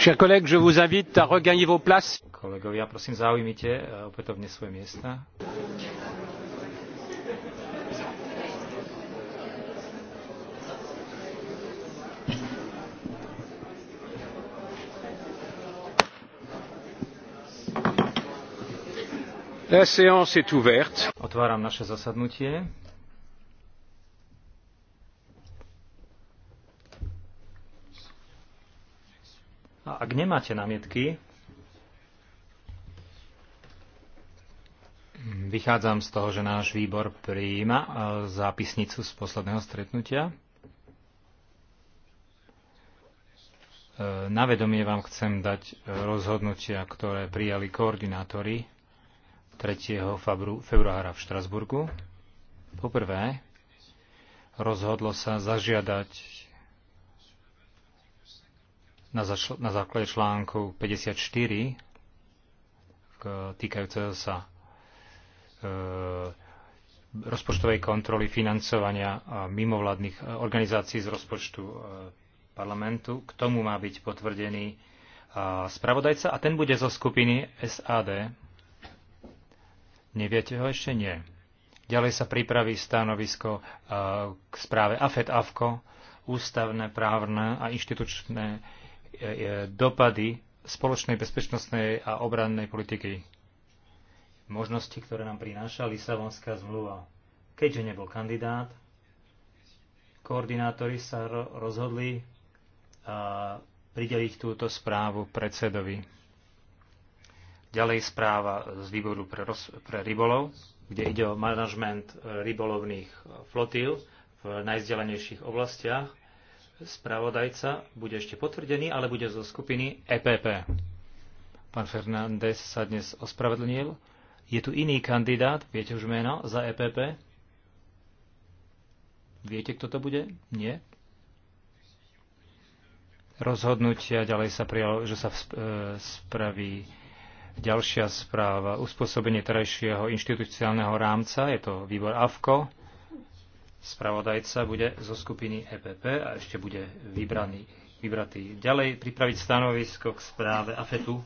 Chers collègues, je vous invite à regagner vos places. Kolegovia, prosím, zaujímite e, opätovne svoje miesta. La séance est ouverte. Otváram naše zasadnutie. ak nemáte námietky, vychádzam z toho, že náš výbor prijíma e, zápisnicu z posledného stretnutia. E, na vedomie vám chcem dať e, rozhodnutia, ktoré prijali koordinátori 3. februára v Štrasburgu. Poprvé, rozhodlo sa zažiadať na, začl- na základe článku 54 k, týkajúceho sa e, rozpočtovej kontroly financovania e, mimovládnych e, organizácií z rozpočtu e, parlamentu. K tomu má byť potvrdený spravodajca a ten bude zo skupiny SAD. Neviete ho ešte? Nie. Ďalej sa pripraví stanovisko k správe AFET-AFKO, ústavné, právne a inštitučné E, e, dopady spoločnej bezpečnostnej a obrannej politiky. Možnosti, ktoré nám prináša Lisabonská zmluva. Keďže nebol kandidát, koordinátori sa rozhodli e, prideliť túto správu predsedovi. Ďalej správa z výboru pre, roz, pre rybolov, kde ide o manažment rybolovných flotíl v najzdelenejších oblastiach spravodajca bude ešte potvrdený, ale bude zo skupiny EPP. Pán Fernández sa dnes ospravedlnil. Je tu iný kandidát, viete už meno, za EPP? Viete, kto to bude? Nie? Rozhodnutia ďalej sa prijalo, že sa e, spraví ďalšia správa, uspôsobenie terajšieho inštitucionálneho rámca, je to výbor AFKO Spravodajca bude zo skupiny EPP a ešte bude vybraný, vybratý. Ďalej pripraviť stanovisko k správe AFETu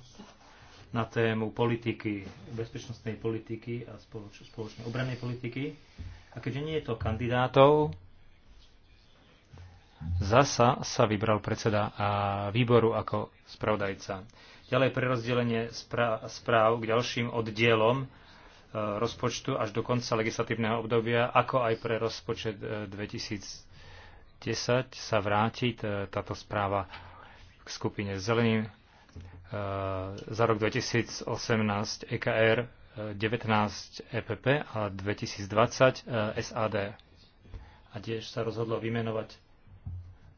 na tému politiky, bezpečnostnej politiky a spoloč, spoločnej obrannej politiky. A keďže nie je to kandidátov, zasa sa vybral predseda a výboru ako spravodajca. Ďalej prerozdelenie správ k ďalším oddielom rozpočtu až do konca legislatívneho obdobia, ako aj pre rozpočet 2010 e, sa vráti táto správa k skupine zeleným. E, za rok 2018 EKR 19 EPP a 2020 e, SAD. A tiež sa rozhodlo vymenovať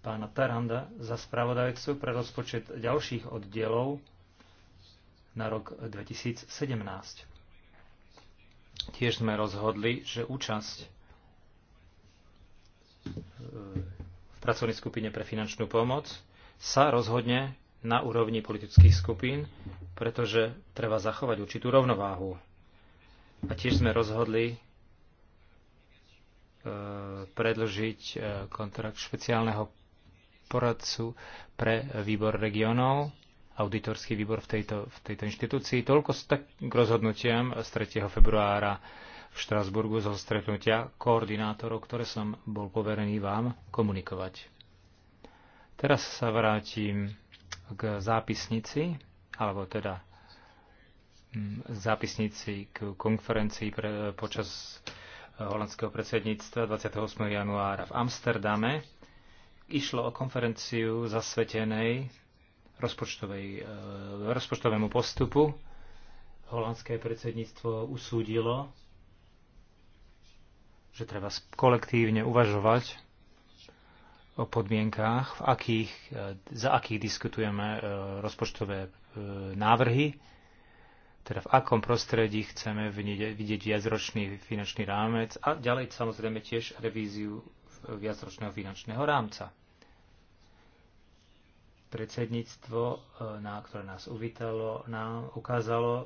pána Taranda za spravodajcu pre rozpočet ďalších oddielov na rok 2017. Tiež sme rozhodli, že účasť e, v pracovnej skupine pre finančnú pomoc sa rozhodne na úrovni politických skupín, pretože treba zachovať určitú rovnováhu. A tiež sme rozhodli e, predlžiť e, kontrakt špeciálneho poradcu pre výbor regionov auditorský výbor v tejto, v tejto inštitúcii. Toľko tak k rozhodnutiam z 3. februára v Štrasburgu zo stretnutia koordinátorov, ktoré som bol poverený vám komunikovať. Teraz sa vrátim k zápisnici, alebo teda mm, zápisnici k konferencii pre, počas eh, holandského predsedníctva 28. januára v Amsterdame. Išlo o konferenciu zasvetenej E, rozpočtovému postupu. Holandské predsedníctvo usúdilo, že treba kolektívne uvažovať o podmienkách, v akých, e, za akých diskutujeme e, rozpočtové návrhy, teda v akom prostredí chceme vidieť viacročný finančný rámec a ďalej samozrejme tiež revíziu viacročného finančného rámca. Predsedníctvo, e, na, ktoré nás uvítalo, nám ukázalo e,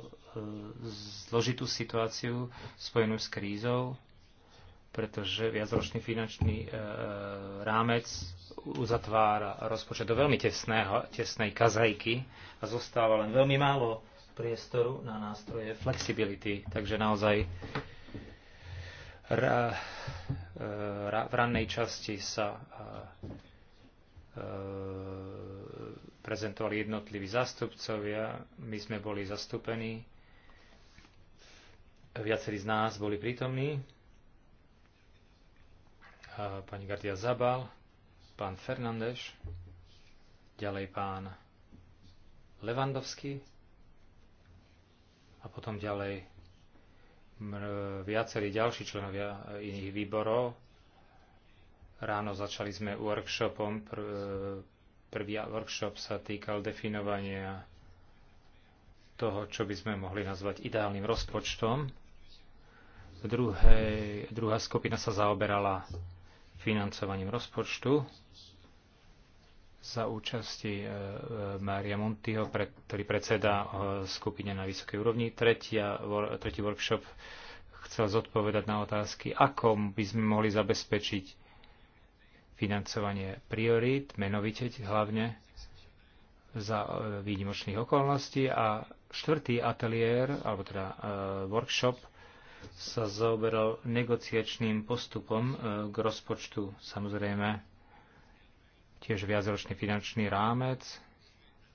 zložitú situáciu spojenú s krízou, pretože viacročný finančný e, rámec uzatvára rozpočet do veľmi tesného, tesnej kazajky a zostáva len veľmi málo priestoru na nástroje flexibility. Takže naozaj ra, ra, v rannej časti sa e, prezentovali jednotliví zástupcovia. My sme boli zastúpení. Viacerí z nás boli prítomní. Pani Gardia Zabal, pán Fernández, ďalej pán Levandovský a potom ďalej viacerí ďalší členovia iných výborov. Ráno začali sme workshopom Prvý workshop sa týkal definovania toho, čo by sme mohli nazvať ideálnym rozpočtom. Druhej, druhá skupina sa zaoberala financovaním rozpočtu za účasti e, e, Mária Montiho, ktorý predseda e, skupine na vysokej úrovni. Tretia, tretí workshop chcel zodpovedať na otázky, ako by sme mohli zabezpečiť financovanie priorít, menovite hlavne za e, výnimočných okolností a štvrtý ateliér, alebo teda e, workshop, sa zaoberal negociačným postupom e, k rozpočtu, samozrejme tiež viacročný finančný rámec,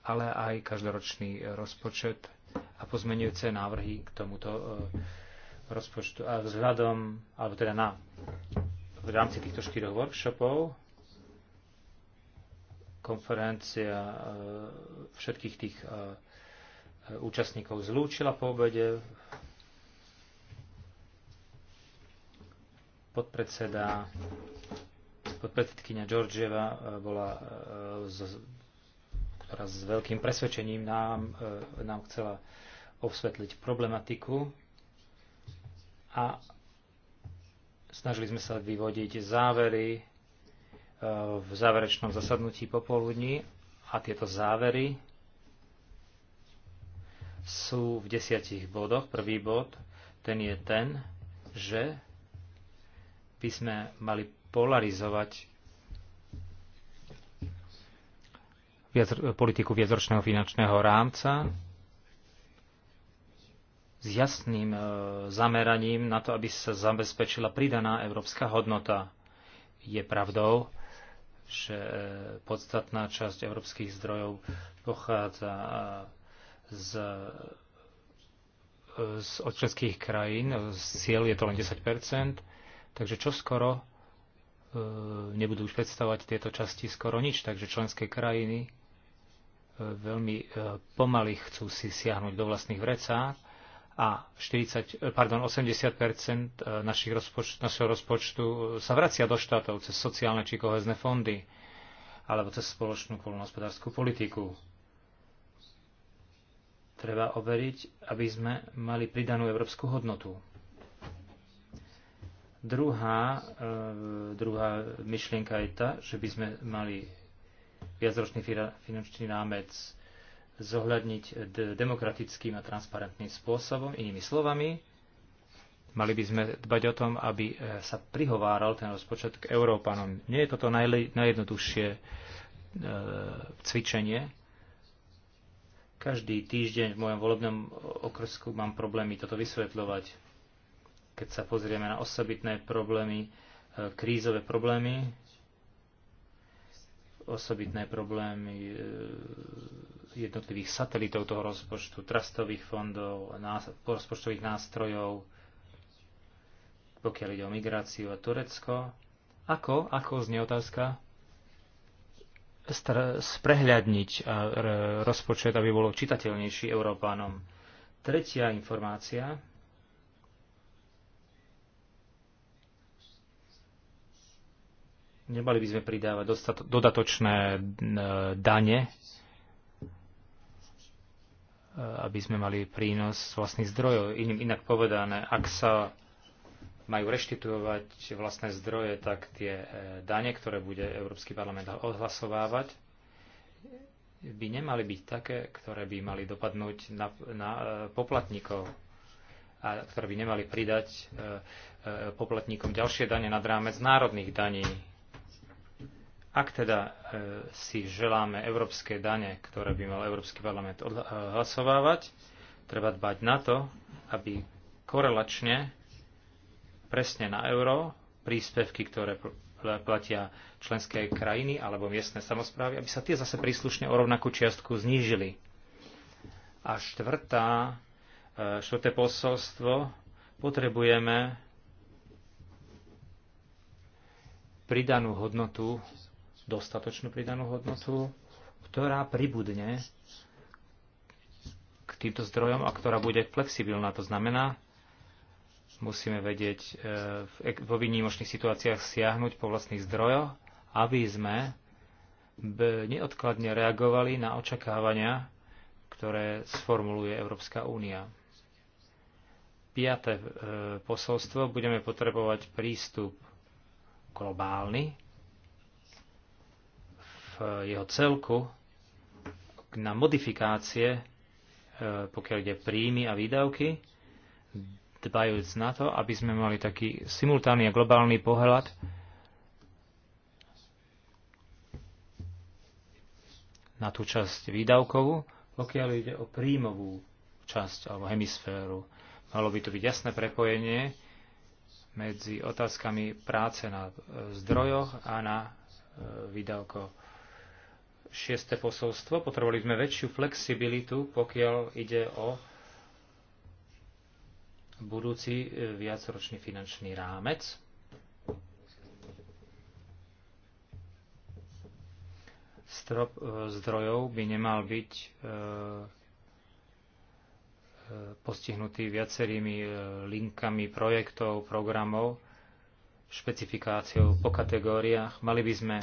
ale aj každoročný rozpočet a pozmenujúce návrhy k tomuto rozpočtu a vzhľadom, alebo teda na v rámci týchto štyroch workshopov konferencia e, všetkých tých e, e, účastníkov zlúčila po obede. Podpredseda, podpredsedkynia Georgieva bola, ktorá s veľkým presvedčením nám, nám chcela osvetliť problematiku a Snažili sme sa vyvodiť závery e, v záverečnom zasadnutí popoludní a tieto závery sú v desiatich bodoch. Prvý bod, ten je ten, že by sme mali polarizovať politiku viacročného finančného rámca s jasným e, zameraním na to, aby sa zabezpečila pridaná európska hodnota. Je pravdou, že e, podstatná časť európskych zdrojov pochádza e, z, z od krajín, krajín. Cieľ je to len 10 takže čo skoro nebudú už predstavovať tieto časti skoro nič, takže členské krajiny veľmi pomaly chcú si siahnuť do vlastných vrecák a 40, eh, pardon, 80 eh, našich rozpočtu, našeho rozpočtu eh, sa vracia do štátov cez sociálne či kohezné fondy alebo cez spoločnú poľnohospodárskú politiku. Treba overiť, aby sme mali pridanú európsku hodnotu. Druhá, druhá myšlienka je tá, že by sme mali viacročný finančný námec zohľadniť demokratickým a transparentným spôsobom. Inými slovami, mali by sme dbať o tom, aby e, sa prihováral ten rozpočet k Európanom. Nie je toto najjednoduchšie e, cvičenie. Každý týždeň v mojom volebnom okrsku mám problémy toto vysvetľovať. Keď sa pozrieme na osobitné problémy, e, krízové problémy, osobitné problémy e, jednotlivých satelitov toho rozpočtu, trastových fondov, rozpočtových nástrojov, pokiaľ ide o migráciu a Turecko. Ako, ako znie otázka, sprehľadniť rozpočet, aby bolo čitateľnejší Európánom. Tretia informácia, Nemali by sme pridávať dodatočné e, dane, e, aby sme mali prínos vlastných zdrojov. inak povedané, ak sa majú reštituovať vlastné zdroje, tak tie e, dane, ktoré bude Európsky parlament odhlasovávať, by nemali byť také, ktoré by mali dopadnúť na, na poplatníkov a ktoré by nemali pridať poplatníkom ďalšie dane nad rámec národných daní. Ak teda e, si želáme európske dane, ktoré by mal Európsky parlament odhlasovávať, e, treba dbať na to, aby korelačne presne na euro príspevky, ktoré platia členské krajiny alebo miestne samozprávy, aby sa tie zase príslušne o rovnakú čiastku znížili. A štvrtá, e, štvrté posolstvo, potrebujeme pridanú hodnotu dostatočnú pridanú hodnotu, ktorá pribudne k týmto zdrojom a ktorá bude flexibilná. To znamená, musíme vedieť e, vo výnimočných situáciách siahnuť po vlastných zdrojoch, aby sme neodkladne reagovali na očakávania, ktoré sformuluje Európska únia. Piaté e, posolstvo, budeme potrebovať prístup globálny, Eh, jeho celku na modifikácie, eh, pokiaľ ide príjmy a výdavky, dbajúc na to, aby sme mali taký simultánny a globálny pohľad na tú časť výdavkovú, pokiaľ ide o príjmovú časť alebo hemisféru. Malo by tu byť jasné prepojenie medzi otázkami práce na eh, zdrojoch a na výdavkoch šieste posolstvo. Potrebovali sme väčšiu flexibilitu, pokiaľ ide o budúci e, viacročný finančný rámec. Strop e, zdrojov by nemal byť e, postihnutý viacerými linkami projektov, programov, špecifikáciou po kategóriách. Mali by sme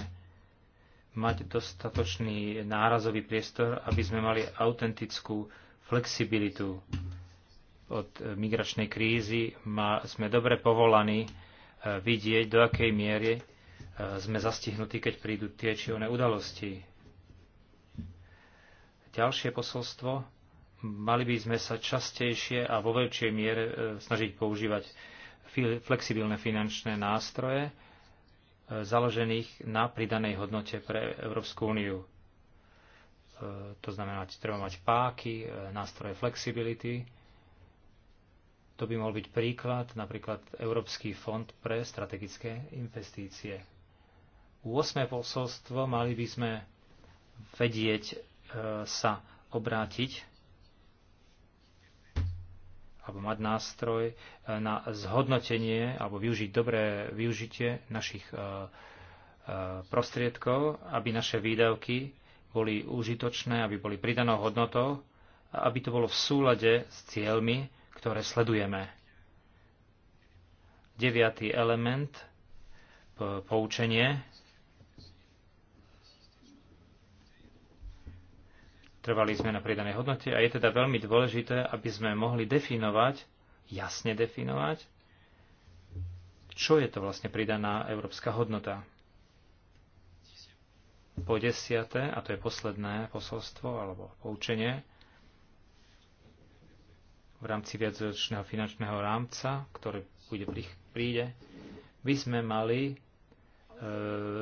mať dostatočný nárazový priestor, aby sme mali autentickú flexibilitu. Od e, migračnej krízy ma, sme dobre povolaní e, vidieť, do akej miery e, sme zastihnutí, keď prídu tie či one udalosti. Ďalšie posolstvo. Mali by sme sa častejšie a vo väčšej miere snažiť používať flexibilné finančné nástroje, založených na pridanej hodnote pre Európsku úniu. E, to znamená, že treba mať páky, e, nástroje flexibility. To by mohol byť príklad, napríklad Európsky fond pre strategické investície. 8. posolstvo mali by sme vedieť e, sa obrátiť alebo mať nástroj e, na zhodnotenie alebo využiť dobré využitie našich e, e, prostriedkov, aby naše výdavky boli užitočné, aby boli pridanou hodnotou a aby to bolo v súlade s cieľmi, ktoré sledujeme. Deviatý element, poučenie. Trvali sme na pridanej hodnote a je teda veľmi dôležité, aby sme mohli definovať, jasne definovať, čo je to vlastne pridaná európska hodnota. Po desiate, a to je posledné posolstvo alebo poučenie, v rámci viacročného finančného rámca, ktorý bude, príde, by sme mali e,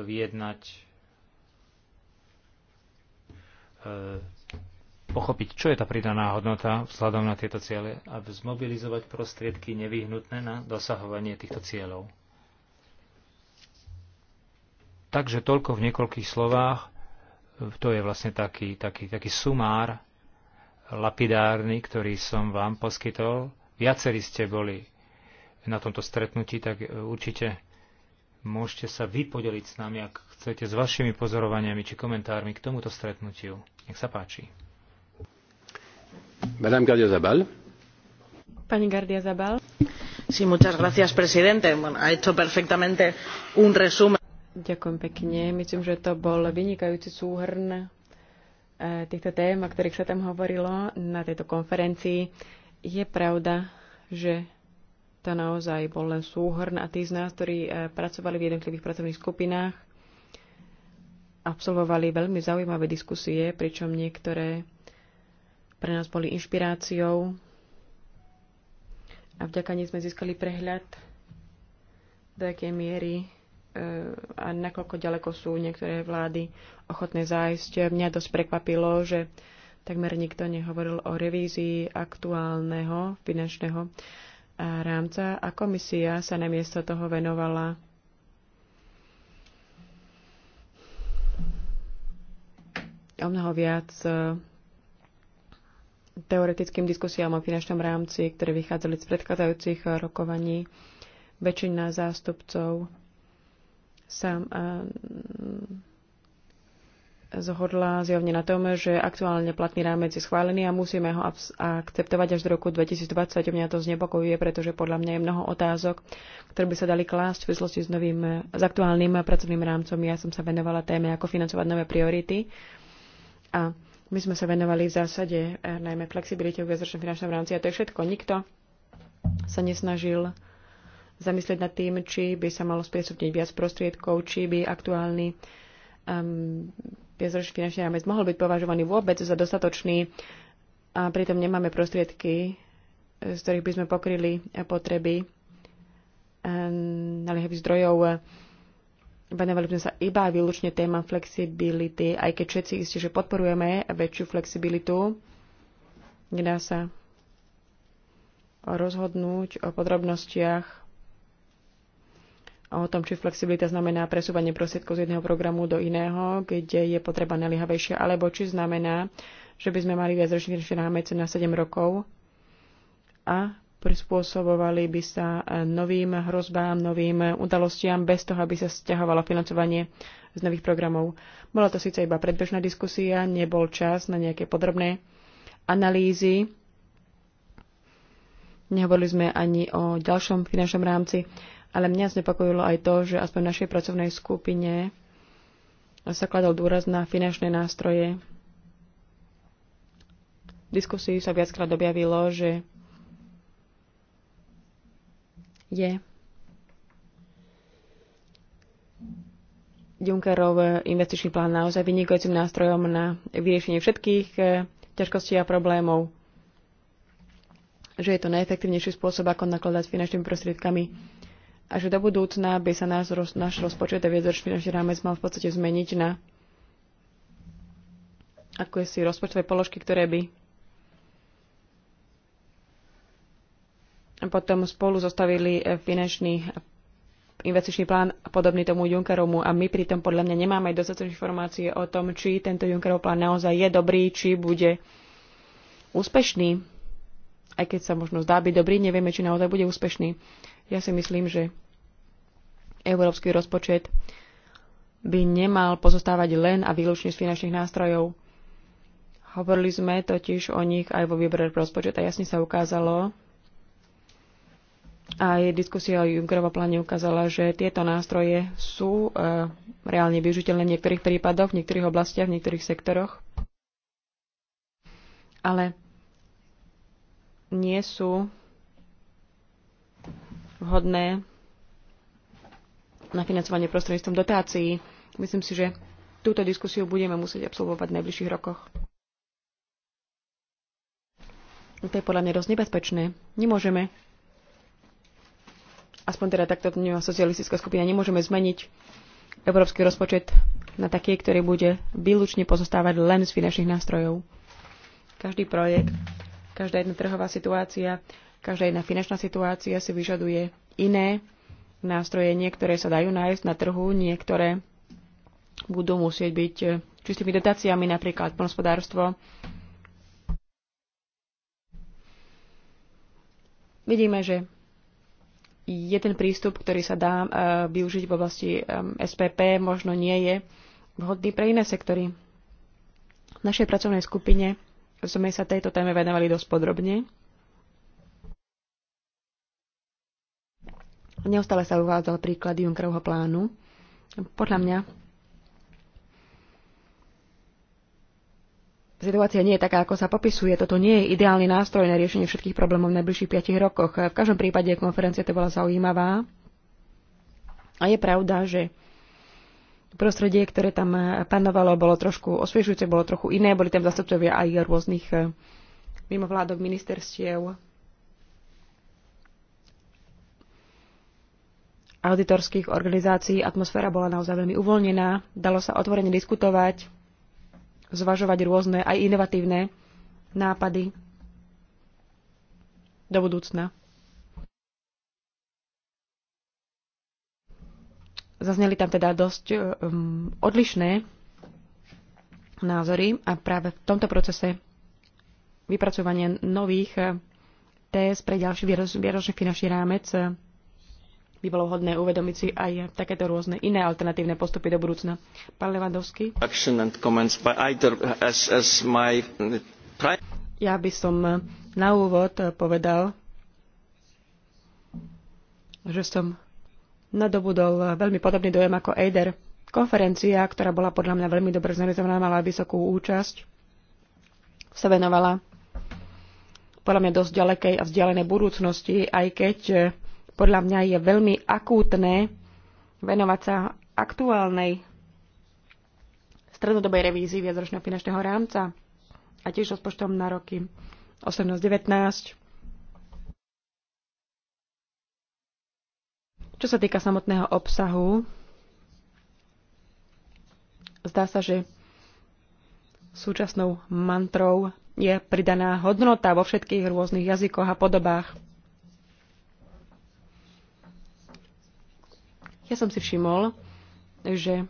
vyjednať e, pochopiť, čo je tá pridaná hodnota vzhľadom na tieto ciele a zmobilizovať prostriedky nevyhnutné na dosahovanie týchto cieľov. Takže toľko v niekoľkých slovách. To je vlastne taký, taký, taký sumár lapidárny, ktorý som vám poskytol. Viacerí ste boli na tomto stretnutí, tak určite môžete sa vypodeliť s nami, ak chcete, s vašimi pozorovaniami či komentármi k tomuto stretnutiu. Nech sa páči presidente. ha hecho perfectamente un resumen. Ďakujem pekne. Myslím, že to bol vynikajúci súhrn eh, týchto tém, o ktorých sa tam hovorilo na tejto konferencii. Je pravda, že to naozaj bol len súhrn a tí z nás, ktorí eh, pracovali v jednotlivých pracovných skupinách, absolvovali veľmi zaujímavé diskusie, pričom niektoré pre nás boli inšpiráciou a vďaka nej sme získali prehľad, do akej miery eh, a nakoľko ďaleko sú niektoré vlády ochotné zájsť. Mňa dosť prekvapilo, že takmer nikto nehovoril o revízii aktuálneho finančného eh, rámca a komisia sa namiesto toho venovala o mnoho viac eh, teoretickým diskusiám o finančnom rámci, ktoré vychádzali z predchádzajúcich rokovaní. Väčšina zástupcov sa mm, zhodla zjavne na tom, že aktuálne platný rámec je schválený a musíme ho akceptovať až do roku 2020. Mňa to znepokojuje, pretože podľa mňa je mnoho otázok, ktoré by sa dali klásť v súvislosti s, novým, s aktuálnym pracovným rámcom. Ja som sa venovala téme, ako financovať nové priority. A my sme sa venovali v zásade eh, najmä flexibilite v viacročnom finančnom rámci a to je všetko. Nikto sa nesnažil zamyslieť nad tým, či by sa malo sprístupniť viac prostriedkov, či by aktuálny um, viacročný finančný rámec mohol byť považovaný vôbec za dostatočný a pritom nemáme prostriedky, eh, z ktorých by sme pokryli eh, potreby um, naliehavých zdrojov Venovali sme sa iba výlučne téma flexibility, aj keď všetci isté, že podporujeme väčšiu flexibilitu. Nedá sa rozhodnúť o podrobnostiach o tom, či flexibilita znamená presúvanie prostriedkov z jedného programu do iného, kde je potreba nelihavejšia, alebo či znamená, že by sme mali viac finančný rámec na 7 rokov a prispôsobovali by sa e, novým hrozbám, novým udalostiam, bez toho, aby sa stiahovalo financovanie z nových programov. Bola to síce iba predbežná diskusia, nebol čas na nejaké podrobné analýzy. Nehovorili sme ani o ďalšom finančnom rámci, ale mňa znepokojilo aj to, že aspoň v našej pracovnej skupine sa kladol dôraz na finančné nástroje. V diskusii sa viackrát objavilo, že je Junckerov eh, investičný plán naozaj vynikajúcim nástrojom na vyriešenie všetkých eh, ťažkostí a problémov. Že je to najefektívnejší spôsob, ako nakladať s finančnými prostriedkami a že do budúcna by sa náš, roz, náš rozpočet a viedzoročný finančný rámec mal v podstate zmeniť na ako si rozpočtové položky, ktoré by potom spolu zostavili eh, finančný investičný plán podobný tomu Junckerovmu a my pritom podľa mňa nemáme dostatok informácie o tom, či tento Junckerov plán naozaj je dobrý, či bude úspešný. Aj keď sa možno zdá byť dobrý, nevieme, či naozaj bude úspešný. Ja si myslím, že európsky rozpočet by nemal pozostávať len a výlučne z finančných nástrojov. Hovorili sme totiž o nich aj vo výbere rozpočet a jasne sa ukázalo, aj diskusia o Junckerovom pláne ukázala, že tieto nástroje sú e, reálne využiteľné v niektorých prípadoch, v niektorých oblastiach, v niektorých sektoroch, ale nie sú vhodné na financovanie prostredníctvom dotácií. Myslím si, že túto diskusiu budeme musieť absolvovať v najbližších rokoch. To je podľa mňa dosť nebezpečné. Nemôžeme aspoň teda takto vníma socialistická skupina, nemôžeme zmeniť európsky rozpočet na taký, ktorý bude výlučne pozostávať len z finančných nástrojov. Každý projekt, každá jedna trhová situácia, každá jedna finančná situácia si vyžaduje iné nástroje. Niektoré sa dajú nájsť na trhu, niektoré budú musieť byť eh, čistými dotáciami, napríklad plnospodárstvo. Vidíme, že jeden prístup, ktorý sa dá e, využiť v oblasti e, SPP, možno nie je vhodný pre iné sektory. V našej pracovnej skupine sme sa tejto téme venovali dosť podrobne. Neustále sa uvádzal príklad Junckerovho plánu. Podľa mňa Situácia nie je taká, ako sa popisuje. Toto nie je ideálny nástroj na riešenie všetkých problémov v najbližších 5 rokoch. V každom prípade konferencia to bola zaujímavá. A je pravda, že prostredie, ktoré tam panovalo, bolo trošku osviežujúce, bolo trochu iné. Boli tam zastupcovia aj rôznych eh, mimovládok, ministerstiev, auditorských organizácií. Atmosféra bola naozaj veľmi uvoľnená. Dalo sa otvorene diskutovať zvažovať rôzne aj inovatívne nápady do budúcna. Zazneli tam teda dosť um, odlišné názory a práve v tomto procese vypracovania nových e, TS pre ďalší vieročný finančný rámec e, by bolo vhodné uvedomiť si aj takéto rôzne iné alternatívne postupy do budúcna. Pán Levandovský? Ja by som na úvod povedal, že som nadobudol veľmi podobný dojem ako EIDER. Konferencia, ktorá bola podľa mňa veľmi dobre zorganizovaná, mala vysokú účasť, sa venovala podľa mňa dosť ďalekej a vzdialenej budúcnosti, aj keď podľa mňa je veľmi akútne venovať sa aktuálnej strednodobej revízii viacročného finančného rámca a tiež rozpočtom na roky 18-19. Čo sa týka samotného obsahu, zdá sa, že súčasnou mantrou je pridaná hodnota vo všetkých rôznych jazykoch a podobách. Ja som si všimol, že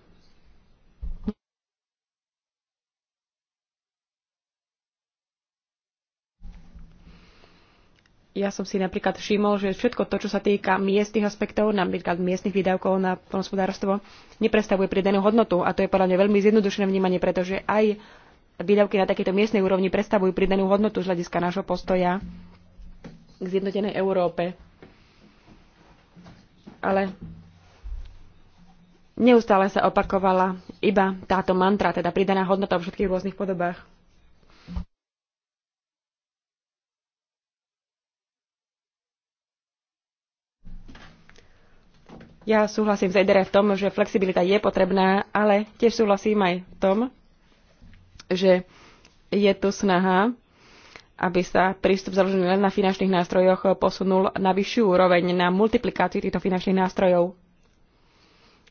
ja som si napríklad všimol, že všetko to, čo sa týka miestnych aspektov, napríklad miestnych výdavkov na hospodárstvo, neprestavuje pridanú hodnotu. A to je podľa mňa veľmi zjednodušené vnímanie, pretože aj výdavky na takejto miestnej úrovni predstavujú pridanú hodnotu z hľadiska nášho postoja k zjednotenej Európe. Ale Neustále sa opakovala iba táto mantra, teda pridaná hodnota vo všetkých rôznych podobách. Ja súhlasím s Edere v tom, že flexibilita je potrebná, ale tiež súhlasím aj v tom, že je tu snaha, aby sa prístup založený len na finančných nástrojoch posunul na vyššiu úroveň, na multiplikáciu týchto finančných nástrojov.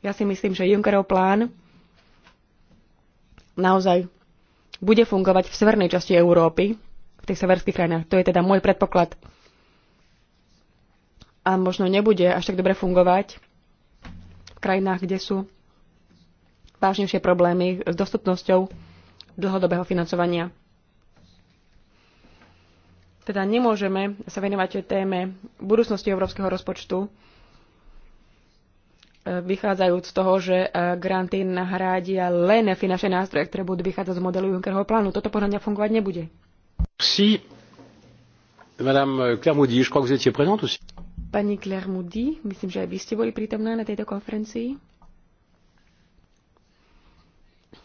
Ja si myslím, že Junckerov plán naozaj bude fungovať v severnej časti Európy, v tých severských krajinách. To je teda môj predpoklad. A možno nebude až tak dobre fungovať v krajinách, kde sú vážnejšie problémy s dostupnosťou dlhodobého financovania. Teda nemôžeme sa venovať téme budúcnosti európskeho rozpočtu vychádzajúc z toho, že e, granty nahrádia len finančné nástroje, ktoré budú vychádzať z modelu Junckerho plánu. Toto podľa mňa fungovať nebude. Si, madame Claire Moody, je crois que vous étiez présente aussi. Pani Claire Moudy, myslím, že aj vy ste boli prítomná na tejto konferencii.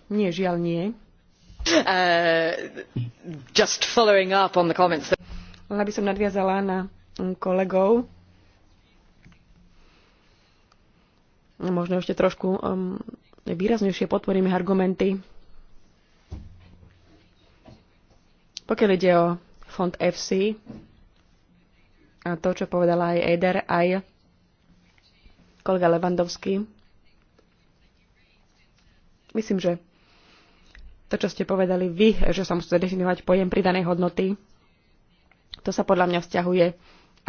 Nie, žiaľ nie. Uh, just following up on the comments. Ale by som nadviazala na kolegov možno ešte trošku um, výraznejšie podporíme argumenty. Pokiaľ ide o fond FC a to, čo povedala aj Eder, aj kolega Levandovský, myslím, že to, čo ste povedali vy, že sa musíte definovať pojem pridanej hodnoty, to sa podľa mňa vzťahuje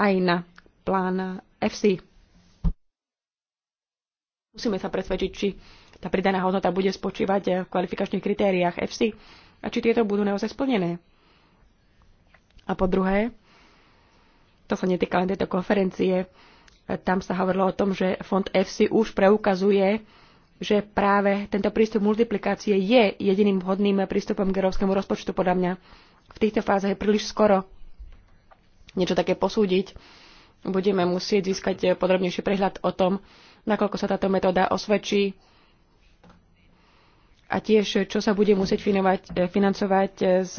aj na plán FC. Musíme sa presvedčiť, či tá pridaná hodnota bude spočívať v kvalifikačných kritériách FC a či tieto budú naozaj splnené. A po druhé, to sa netýka len tejto konferencie, tam sa hovorilo o tom, že fond FC už preukazuje, že práve tento prístup multiplikácie je jediným vhodným prístupom k európskemu rozpočtu, podľa mňa. V týchto fázach je príliš skoro niečo také posúdiť. Budeme musieť získať podrobnejší prehľad o tom, nakoľko sa táto metóda osvedčí a tiež čo sa bude musieť finovať, e, financovať e, z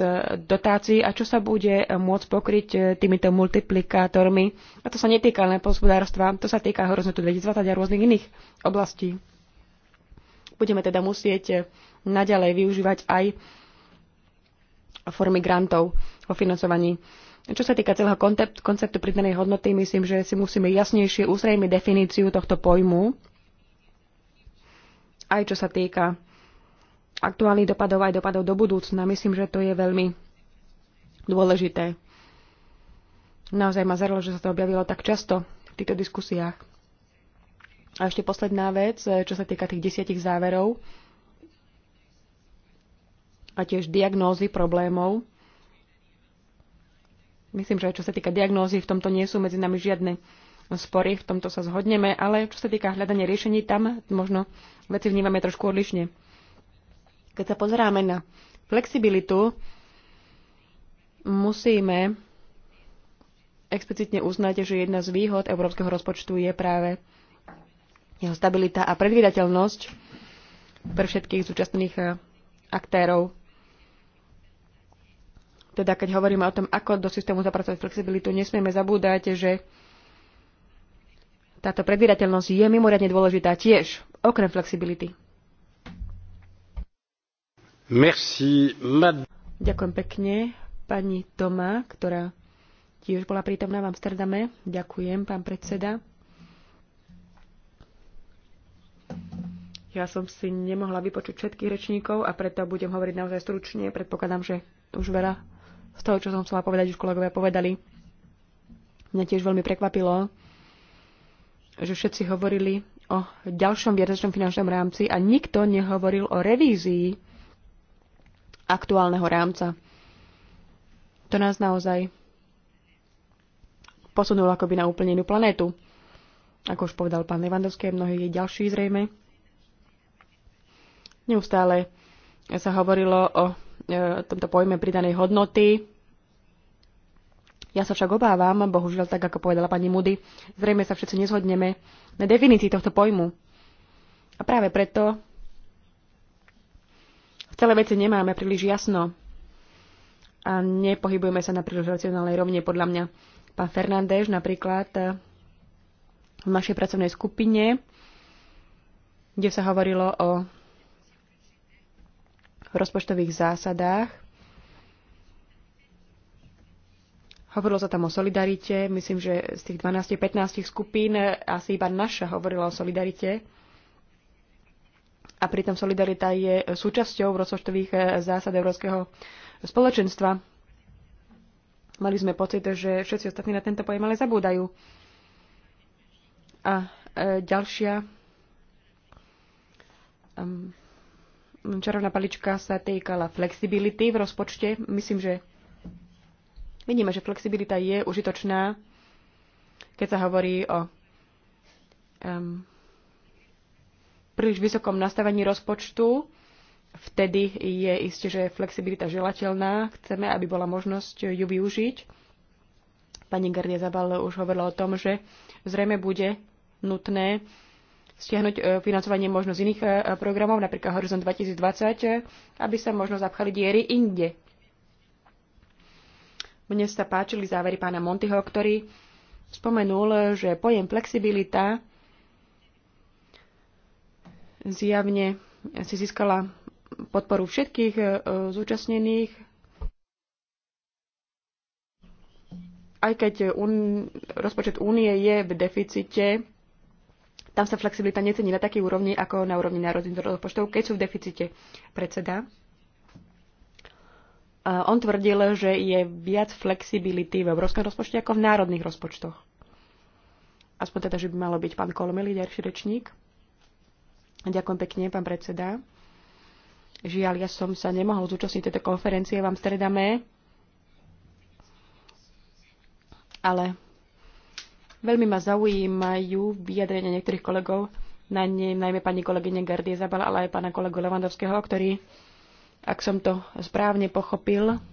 dotácií a čo sa bude môcť pokryť e, týmito multiplikátormi. A to sa netýka len hospodárstva, to sa týka horizontu 2020 a rôznych iných oblastí. Budeme teda musieť naďalej využívať aj formy grantov o financovaní čo sa týka celého koncept, konceptu pridanej hodnoty, myslím, že si musíme jasnejšie uzrejmiť definíciu tohto pojmu, aj čo sa týka aktuálnych dopadov, aj dopadov do budúcna. Myslím, že to je veľmi dôležité. Naozaj ma zarilo, že sa to objavilo tak často v týchto diskusiách. A ešte posledná vec, čo sa týka tých desiatich záverov a tiež diagnózy problémov Myslím, že čo sa týka diagnózy, v tomto nie sú medzi nami žiadne spory, v tomto sa zhodneme, ale čo sa týka hľadania riešení, tam možno veci vnímame trošku odlišne. Keď sa pozeráme na flexibilitu, musíme explicitne uznať, že jedna z výhod európskeho rozpočtu je práve jeho stabilita a predvídateľnosť pre všetkých zúčastných aktérov teda keď hovoríme o tom, ako do systému zapracovať flexibilitu, nesmieme zabúdať, že táto predvydateľnosť je mimoriadne dôležitá tiež, okrem flexibility. Merci, mad- Ďakujem pekne. Pani Toma, ktorá tiež bola prítomná v Amsterdame. Ďakujem, pán predseda. Ja som si nemohla vypočuť všetkých rečníkov a preto budem hovoriť naozaj stručne. Predpokladám, že už veľa z toho, čo som chcela povedať, už kolegovia povedali. Mňa tiež veľmi prekvapilo, že všetci hovorili o ďalšom viacročnom finančnom rámci a nikto nehovoril o revízii aktuálneho rámca. To nás naozaj posunulo akoby na úplne inú planétu. Ako už povedal pán Levandovský a mnohí ďalší zrejme. Neustále sa hovorilo o E, tomto pojme pridanej hodnoty. Ja sa však obávam, bohužiaľ tak, ako povedala pani Mudy, zrejme sa všetci nezhodneme na definícii tohto pojmu. A práve preto v celé veci nemáme príliš jasno a nepohybujeme sa na príliš racionálnej rovne, podľa mňa. Pán Fernández napríklad v našej pracovnej skupine, kde sa hovorilo o rozpočtových zásadách. Hovorilo sa tam o solidarite. Myslím, že z tých 12-15 skupín asi iba naša hovorila o solidarite. A pritom solidarita je súčasťou rozpočtových zásad Európskeho spoločenstva. Mali sme pocit, že všetci ostatní na tento pojem ale zabúdajú. A e, ďalšia um, červená palička sa týkala flexibility v rozpočte. Myslím, že vidíme, že flexibilita je užitočná, keď sa hovorí o um, príliš vysokom nastavení rozpočtu. Vtedy je isté, že flexibilita želateľná. Chceme, aby bola možnosť ju využiť. Pani Gardia Zabal už hovorila o tom, že zrejme bude nutné stiahnuť e, financovanie možno z iných e, programov, napríklad Horizon 2020, aby sa možno zapchali diery inde. Mne sa páčili závery pána Montyho, ktorý spomenul, že pojem flexibilita zjavne si získala podporu všetkých e, zúčastnených, aj keď un, rozpočet únie je v deficite, tam sa flexibilita necení na takej úrovni, ako na úrovni národných rozpočtov, keď sú v deficite predseda. E, on tvrdil, že je viac flexibility v európskom rozpočte ako v národných rozpočtoch. Aspoň teda, že by malo byť pán Kolmely, ďalší rečník. Ďakujem pekne, pán predseda. Žiaľ, ja som sa nemohol zúčastniť tejto konferencie v Amsterdame, ale Veľmi ma zaujímajú vyjadrenia niektorých kolegov, na nej, najmä pani kolegyne Gardie Zabala, ale aj pána kolegu Levandovského, ktorý, ak som to správne pochopil,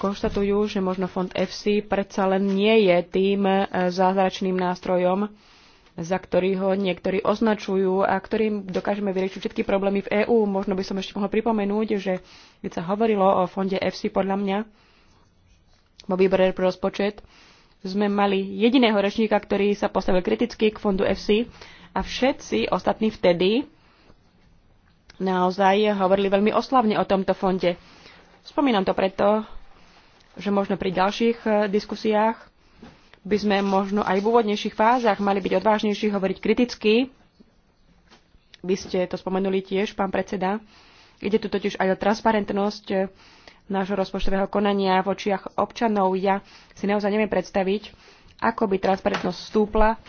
konštatujú, že možno fond FC predsa len nie je tým e, zázračným nástrojom, za ktorý ho niektorí označujú a ktorým dokážeme vyriešiť všetky problémy v EÚ. Možno by som ešte mohol pripomenúť, že keď sa hovorilo o fonde FC, podľa mňa vo výbore pre rozpočet sme mali jediného rečníka, ktorý sa postavil kriticky k fondu FC a všetci ostatní vtedy naozaj hovorili veľmi oslavne o tomto fonde. Spomínam to preto, že možno pri ďalších eh, diskusiách by sme možno aj v úvodnejších fázach mali byť odvážnejší, hovoriť kriticky. Vy ste to spomenuli tiež, pán predseda. Ide tu totiž aj o transparentnosť nášho rozpočtového konania v očiach občanov. Ja si naozaj neviem predstaviť, ako by transparentnosť stúpla,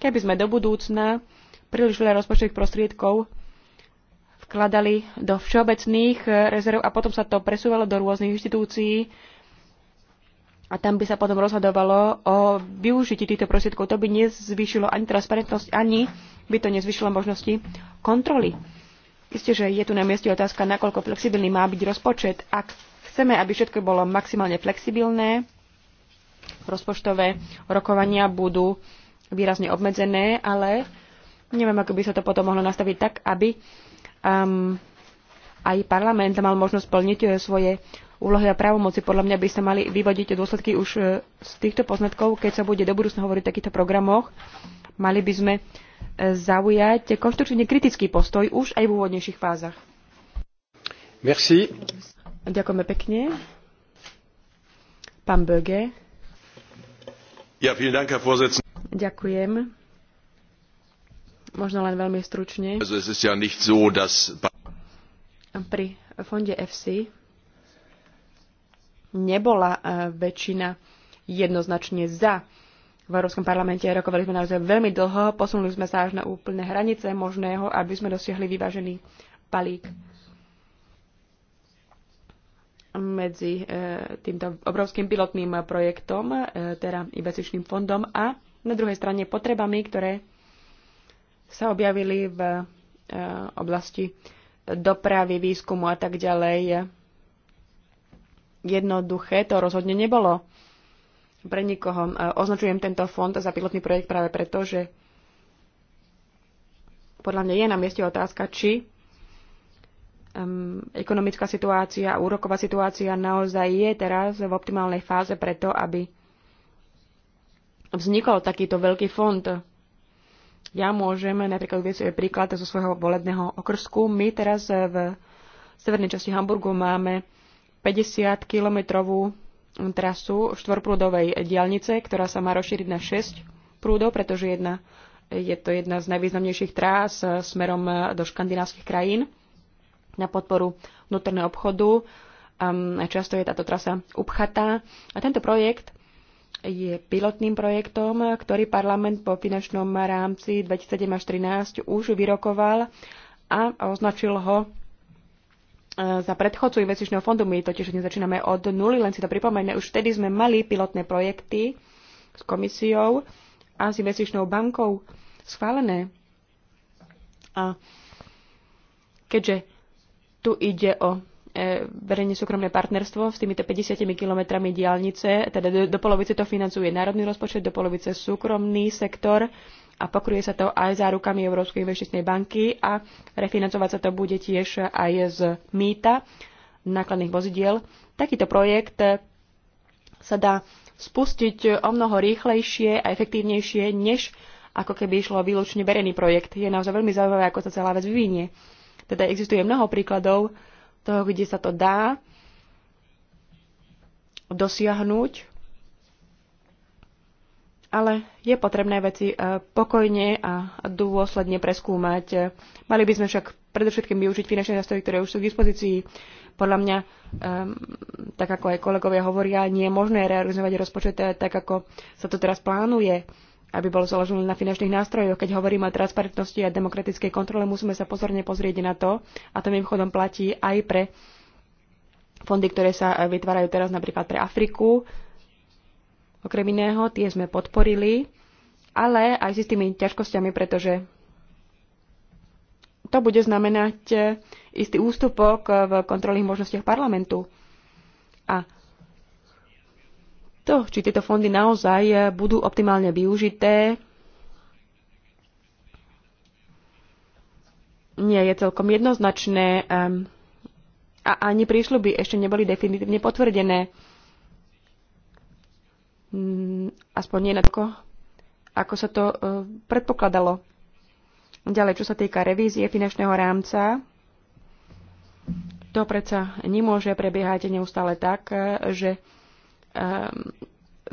keby sme do budúcna príliš veľa rozpočtových prostriedkov vkladali do všeobecných eh, rezerv a potom sa to presúvalo do rôznych inštitúcií a tam by sa potom rozhodovalo o využití týchto prostriedkov. To by nezvyšilo ani transparentnosť, ani by to nezvyšilo možnosti kontroly. Isté, že je tu na mieste otázka, nakoľko flexibilný má byť rozpočet. Ak Chceme, aby všetko bolo maximálne flexibilné. Rozpočtové rokovania budú výrazne obmedzené, ale neviem, ako by sa to potom mohlo nastaviť tak, aby um, aj parlament mal možnosť plniť e, svoje úlohy a právomoci. Podľa mňa by sa mali vyvodiť dôsledky už e, z týchto poznatkov, keď sa bude do budúcna hovoriť o takýchto programoch. Mali by sme e, zaujať konštruktívne kritický postoj už aj v úvodnejších fázach. Merci. Ďakujeme pekne. Pán Böge. Ja, vielen Dank, Herr Vorsitzender. Ďakujem. Možno len veľmi stručne. Also es ist ja nicht so, dass... Pri fonde FC nebola e, väčšina jednoznačne za. V Európskom parlamente rokovali sme naozaj veľmi dlho, posunuli sme sa až na úplné hranice možného, aby sme dosiahli vyvážený palík medzi e, týmto obrovským pilotným projektom, e, teda investičným fondom a na druhej strane potrebami, ktoré sa objavili v e, oblasti dopravy, výskumu a tak ďalej. Jednoduché to rozhodne nebolo pre nikoho. Označujem tento fond za pilotný projekt práve preto, že podľa mňa je na mieste otázka, či um, ekonomická situácia a úroková situácia naozaj je teraz v optimálnej fáze preto, aby vznikol takýto veľký fond. Ja môžem napríklad uvieť príklad zo svojho volebného okrsku. My teraz v severnej časti Hamburgu máme 50-kilometrovú trasu štvorprúdovej diaľnice, ktorá sa má rozšíriť na 6 prúdov, pretože jedna, je to jedna z najvýznamnejších trás smerom do škandinávskych krajín na podporu vnútorného obchodu. Um, často je táto trasa upchatá. A tento projekt je pilotným projektom, ktorý parlament po finančnom rámci 2007 až 2013 už vyrokoval a označil ho e, za predchodcu investičného fondu. My totiž nezačíname od nuly, len si to pripomeňme. Už vtedy sme mali pilotné projekty s komisiou a s investičnou bankou schválené. A keďže tu ide o e, verejne súkromné partnerstvo s týmito 50 kilometrami diálnice, teda do, do polovice to financuje národný rozpočet, do polovice súkromný sektor a pokryje sa to aj za rukami Európskej investičnej banky a refinancovať sa to bude tiež aj z mýta nákladných vozidiel. Takýto projekt sa dá spustiť o mnoho rýchlejšie a efektívnejšie, než ako keby išlo výlučne verejný projekt. Je naozaj veľmi zaujímavé, ako sa celá vec vyvinie. Teda existuje mnoho príkladov toho, kde sa to dá dosiahnuť, ale je potrebné veci eh, pokojne a dôsledne preskúmať. Mali by sme však predovšetkým využiť finančné nástroje, ktoré už sú k dispozícii. Podľa mňa, ehm, tak ako aj kolegovia hovoria, nie je možné realizovať rozpočet eh, tak, ako sa to teraz plánuje aby bol založený na finančných nástrojoch. Keď hovoríme o transparentnosti a demokratickej kontrole, musíme sa pozorne pozrieť na to, a to mimochodom platí aj pre fondy, ktoré sa eh, vytvárajú teraz napríklad pre Afriku. Okrem iného, tie sme podporili, ale aj s tými ťažkosťami, pretože to bude znamenať eh, istý ústupok eh, v kontrolných možnostiach parlamentu. A to, či tieto fondy naozaj eh, budú optimálne využité, nie je celkom jednoznačné ehm, a ani prísľuby ešte neboli definitívne potvrdené. Mm, aspoň nie na to, ako sa to eh, predpokladalo. Ďalej, čo sa týka revízie finančného rámca, to predsa nemôže prebiehať neustále tak, eh, že Ehm,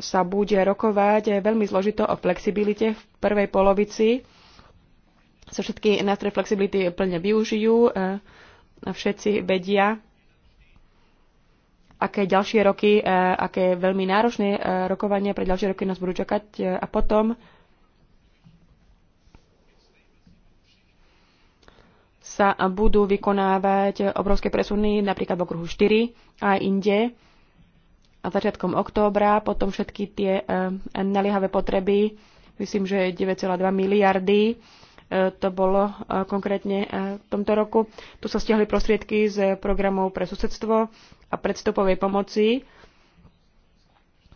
sa bude rokovať veľmi zložito o flexibilite v prvej polovici. Sa všetky nástroje flexibility plne využijú. Eh, všetci vedia, aké ďalšie roky, eh, aké veľmi náročné eh, rokovanie pre ďalšie roky nás budú čakať a potom sa budú vykonávať obrovské presuny napríklad v okruhu 4 a inde a začiatkom októbra potom všetky tie e, naliehavé potreby, myslím, že 9,2 miliardy, e, to bolo e, konkrétne v tomto roku. Tu sa stiahli prostriedky z programov pre susedstvo a predstupovej pomoci.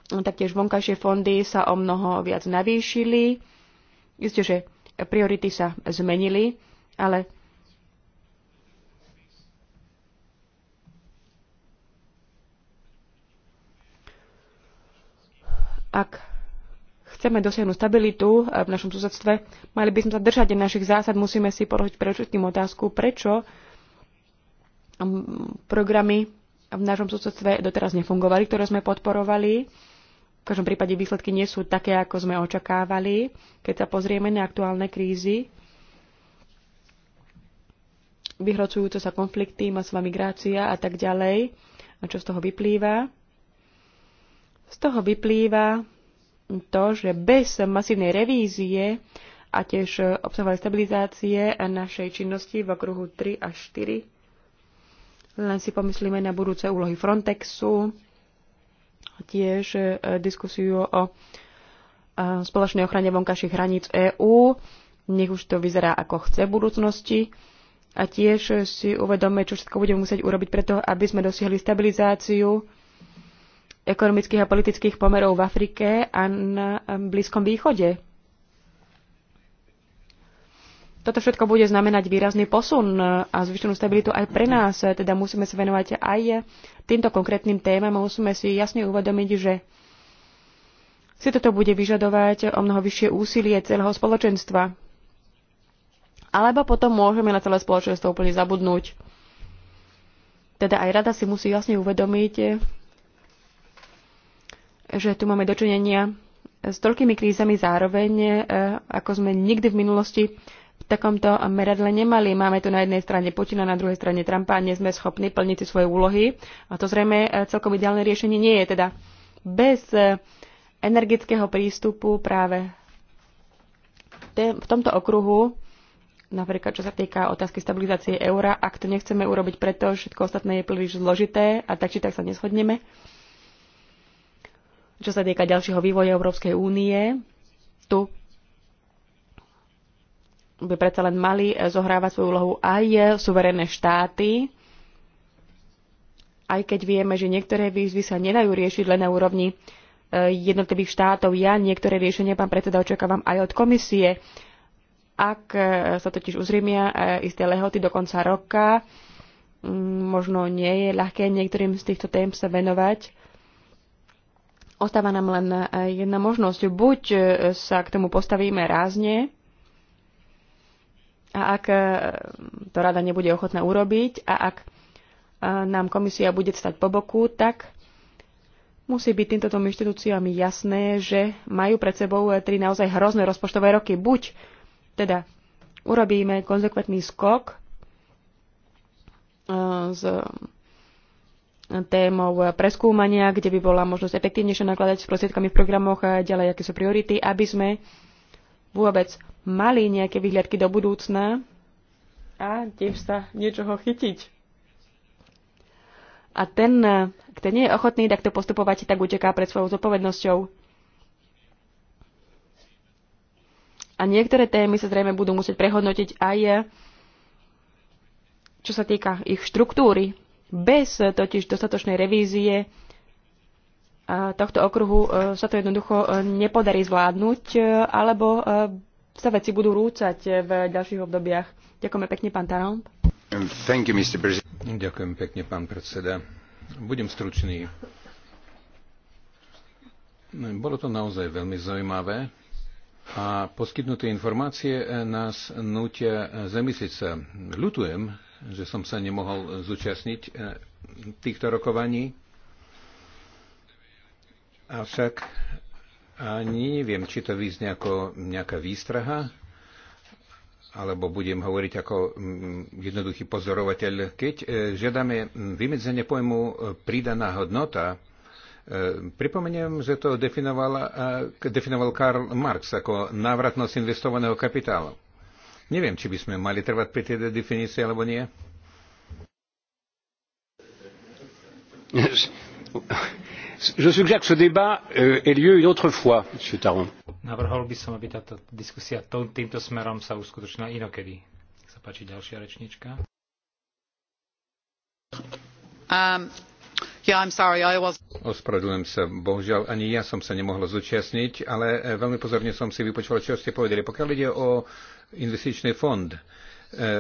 Taktiež vonkajšie fondy sa o mnoho viac navýšili. Isté, že priority sa zmenili, ale Ak chceme dosiahnuť stabilitu eh, v našom susedstve, mali by sme sa držať aj našich zásad, musíme si položiť všetkým otázku, prečo mm, programy v našom susedstve doteraz nefungovali, ktoré sme podporovali. V každom prípade výsledky nie sú také, ako sme očakávali, keď sa pozrieme na aktuálne krízy. Vyhrocujúce sa konflikty, masová migrácia a tak ďalej. A čo z toho vyplýva? Z toho vyplýva to, že bez masívnej revízie a tiež obsahovej stabilizácie našej činnosti v okruhu 3 a 4. Len si pomyslíme na budúce úlohy Frontexu, tiež e, diskusiu o e, spoločnej ochrane vonkajších hraníc EÚ, nech už to vyzerá ako chce v budúcnosti, a tiež si uvedome, čo všetko budeme musieť urobiť preto, aby sme dosiahli stabilizáciu ekonomických a politických pomerov v Afrike a na Blízkom východe. Toto všetko bude znamenať výrazný posun e, a zvyšenú stabilitu aj pre nás, e, teda musíme sa venovať aj týmto konkrétnym témam a musíme si jasne uvedomiť, že si toto bude vyžadovať o mnoho vyššie úsilie celého spoločenstva. Alebo potom môžeme na celé spoločenstvo úplne zabudnúť. Teda aj rada si musí jasne uvedomiť, že tu máme dočinenia s toľkými krízami zároveň, e, ako sme nikdy v minulosti v takomto meradle nemali. Máme tu na jednej strane Putina, na druhej strane Trumpa a nie sme schopní plniť si svoje úlohy. A to zrejme e, celkom ideálne riešenie nie je. Teda bez e, energického prístupu práve v tomto okruhu, napríklad čo sa týka otázky stabilizácie eura, ak to nechceme urobiť preto, všetko ostatné je príliš zložité a tak či tak sa neschodneme, čo sa týka ďalšieho vývoja Európskej únie, tu by predsa len mali eh, zohrávať svoju úlohu aj eh, suverénne štáty, aj keď vieme, že niektoré výzvy sa nedajú riešiť len na úrovni eh, jednotlivých štátov. Ja niektoré riešenia, pán predseda, očakávam aj od komisie. Ak sa totiž uzrimia isté lehoty do konca roka, mm, možno nie je ľahké niektorým z týchto tém sa venovať Ostáva nám len e, jedna možnosť. Buď e, sa k tomu postavíme rázne, a ak e, to rada nebude ochotná urobiť a ak nám komisia bude stať po boku, tak musí byť týmto inštitúciám jasné, že majú pred sebou tri naozaj hrozné rozpočtové roky. Buď teda urobíme konzekventný skok z témou preskúmania, kde by bola možnosť efektívnejšie nakladať s prostriedkami v programoch, a ďalej, aké sú priority, aby sme vôbec mali nejaké vyhľadky do budúcna a tiež sa niečoho chytiť. A ten, kto nie je ochotný takto postupovať, tak uteká pred svojou zodpovednosťou. A niektoré témy sa zrejme budú musieť prehodnotiť aj čo sa týka ich štruktúry. Bez eh, totiž dostatočnej revízie tohto okruhu eh, sa to jednoducho eh, nepodarí zvládnuť, alebo sa veci budú rúcať v ďalších obdobiach. Ďakujeme pekne, pán Tarón. Ďakujem pekne, pán predseda. Budem stručný. Bolo to naozaj veľmi zaujímavé a poskytnuté informácie nás nutia zamyslieť sa. Ľutujem, že som sa nemohol zúčastniť e, týchto rokovaní. Avšak ani neviem, či to vyzne ako nejaká výstraha, alebo budem hovoriť ako mm, jednoduchý pozorovateľ. Keď e, žiadame mm, vymedzenie pojmu e, pridaná hodnota, pripomeniem, že to definoval Karl Marx ako návratnosť investovaného kapitálu. Neviem, či by sme mali trvať pri tej definícii alebo nie. Je suggère que ce débat euh, ait lieu une autre fois, M. Taron. Navrhol by som, aby táto diskusia týmto smerom sa uskutočnila inokedy. Nech sa páči ďalšia rečnička. Um, yeah, was... Ospravedlňujem sa, bohužiaľ ani ja som sa nemohla zúčastniť, ale eh, veľmi pozorne som si vypočula, čo ste povedali. Pokiaľ ide o investičný fond. E,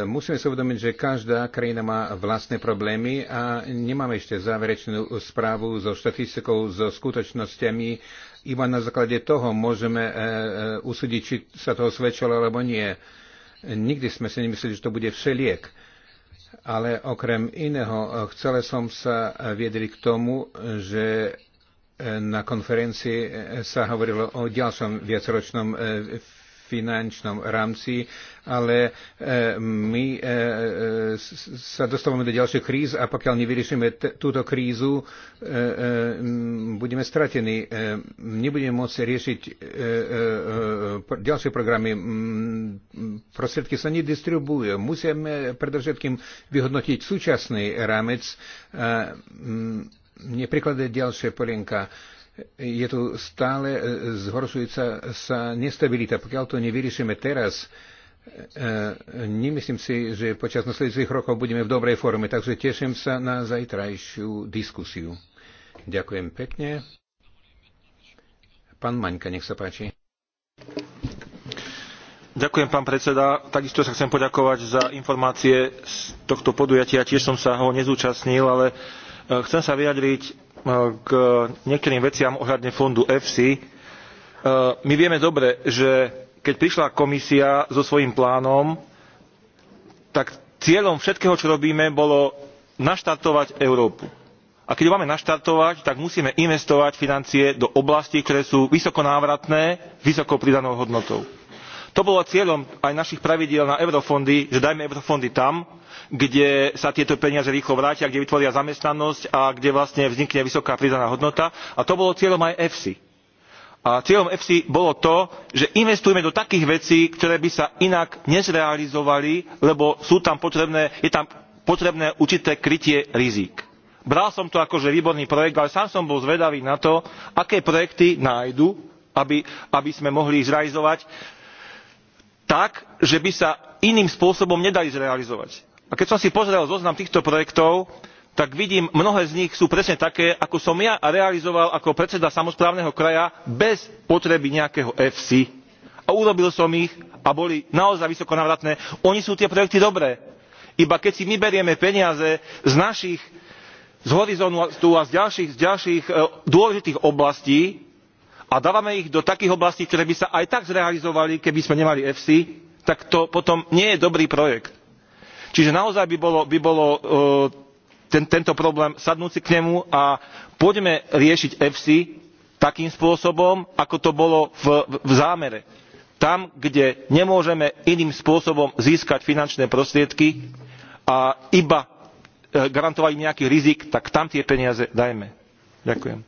musíme sa uvedomiť, že každá krajina má vlastné problémy a nemáme ešte záverečnú správu so štatistikou, so skutočnosťami. Iba na základe toho môžeme e, e, usúdiť, či sa toho svedčilo alebo nie. Nikdy sme si nemysleli, že to bude všeliek. Ale okrem iného, chcela som sa viedriť k tomu, že na konferencii sa hovorilo o ďalšom viacročnom finančnom rámci, ale e, my e, e, sa dostávame do ďalšej kríz a pokiaľ nevyriešime túto krízu, budeme stratení. Nebudeme môcť riešiť ďalšie programy. Prostriedky sa nedistribujú. Musíme predovšetkým vyhodnotiť súčasný rámec. Nepríklad ďalšie polienka je tu stále e, zhoršujúca sa nestabilita. Pokiaľ to nevyriešime teraz, e, nemyslím si, že počas nasledujúcich rokov budeme v dobrej forme, takže teším sa na zajtrajšiu diskusiu. Ďakujem pekne. Pán Maňka, nech sa páči. Ďakujem, pán predseda. Takisto sa chcem poďakovať za informácie z tohto podujatia. Tiež som sa ho nezúčastnil, ale e, chcem sa vyjadriť k niektorým veciam ohľadne fondu EFSI. My vieme dobre, že keď prišla komisia so svojím plánom, tak cieľom všetkého, čo robíme, bolo naštartovať Európu. A keď ju máme naštartovať, tak musíme investovať financie do oblastí, ktoré sú vysoko návratné, pridanou hodnotou to bolo cieľom aj našich pravidiel na eurofondy že dajme eurofondy tam kde sa tieto peniaze rýchlo vrátia kde vytvoria zamestnanosť a kde vlastne vznikne vysoká pridaná hodnota a to bolo cieľom aj efsi. a cieľom efsi bolo to že investujme do takých vecí ktoré by sa inak nezrealizovali lebo sú tam potrebné, je tam potrebné určité krytie rizík. bral som to ako že výborný projekt ale sám som bol zvedavý na to aké projekty nájdu aby, aby sme mohli ich zrealizovať tak že by sa iným spôsobom nedali zrealizovať. a keď som si pozrel zoznam týchto projektov tak vidím mnohé z nich sú presne také ako som ja realizoval ako predseda samosprávneho kraja bez potreby nejakého efsi a urobil som ich a boli naozaj vysoko návratné. oni sú tie projekty dobré iba keď si my berieme peniaze z našich z horizontu a z ďalších, z ďalších e, dôležitých oblastí a dávame ich do takých oblastí ktoré by sa aj tak zrealizovali keby sme nemali efsi tak to potom nie je dobrý projekt. čiže naozaj by bolo, by bolo e, ten, tento problém sadnúť si k nemu a poďme riešiť efsi takým spôsobom ako to bolo v, v zámere tam kde nemôžeme iným spôsobom získať finančné prostriedky a iba e, garantovať nejaký rizik tak tam tie peniaze dajme. ďakujem.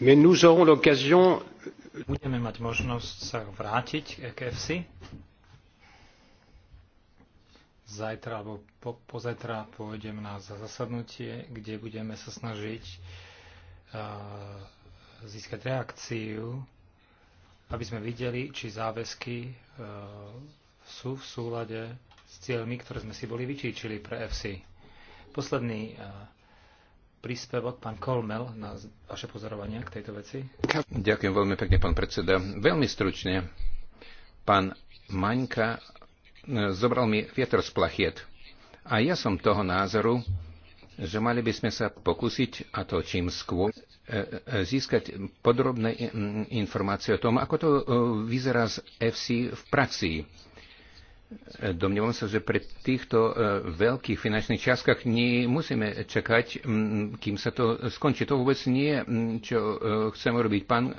Mais nous aurons l'occasion budeme mať možnosť sa vrátiť k EFSI. Zajtra alebo pozajtra pôjdem na zasadnutie, kde budeme sa snažiť e, získať reakciu, aby sme videli, či záväzky e, sú v súlade s cieľmi, ktoré sme si boli vyčíčili pre EFSI. Posledný e, príspevok, pán Kolmel, na vaše pozorovania k tejto veci. Ďakujem veľmi pekne, pán predseda. Veľmi stručne, pán Maňka e, zobral mi vietor z plachiet. A ja som toho názoru, že mali by sme sa pokúsiť, a to čím skôr, e, e, získať podrobné informácie o tom, ako to vyzerá z FC v praxi Domnievam sa, že pri týchto e, veľkých finančných čiastkách nemusíme čakať, kým sa to skončí. To vôbec nie, čo e, chceme robiť. Pán e,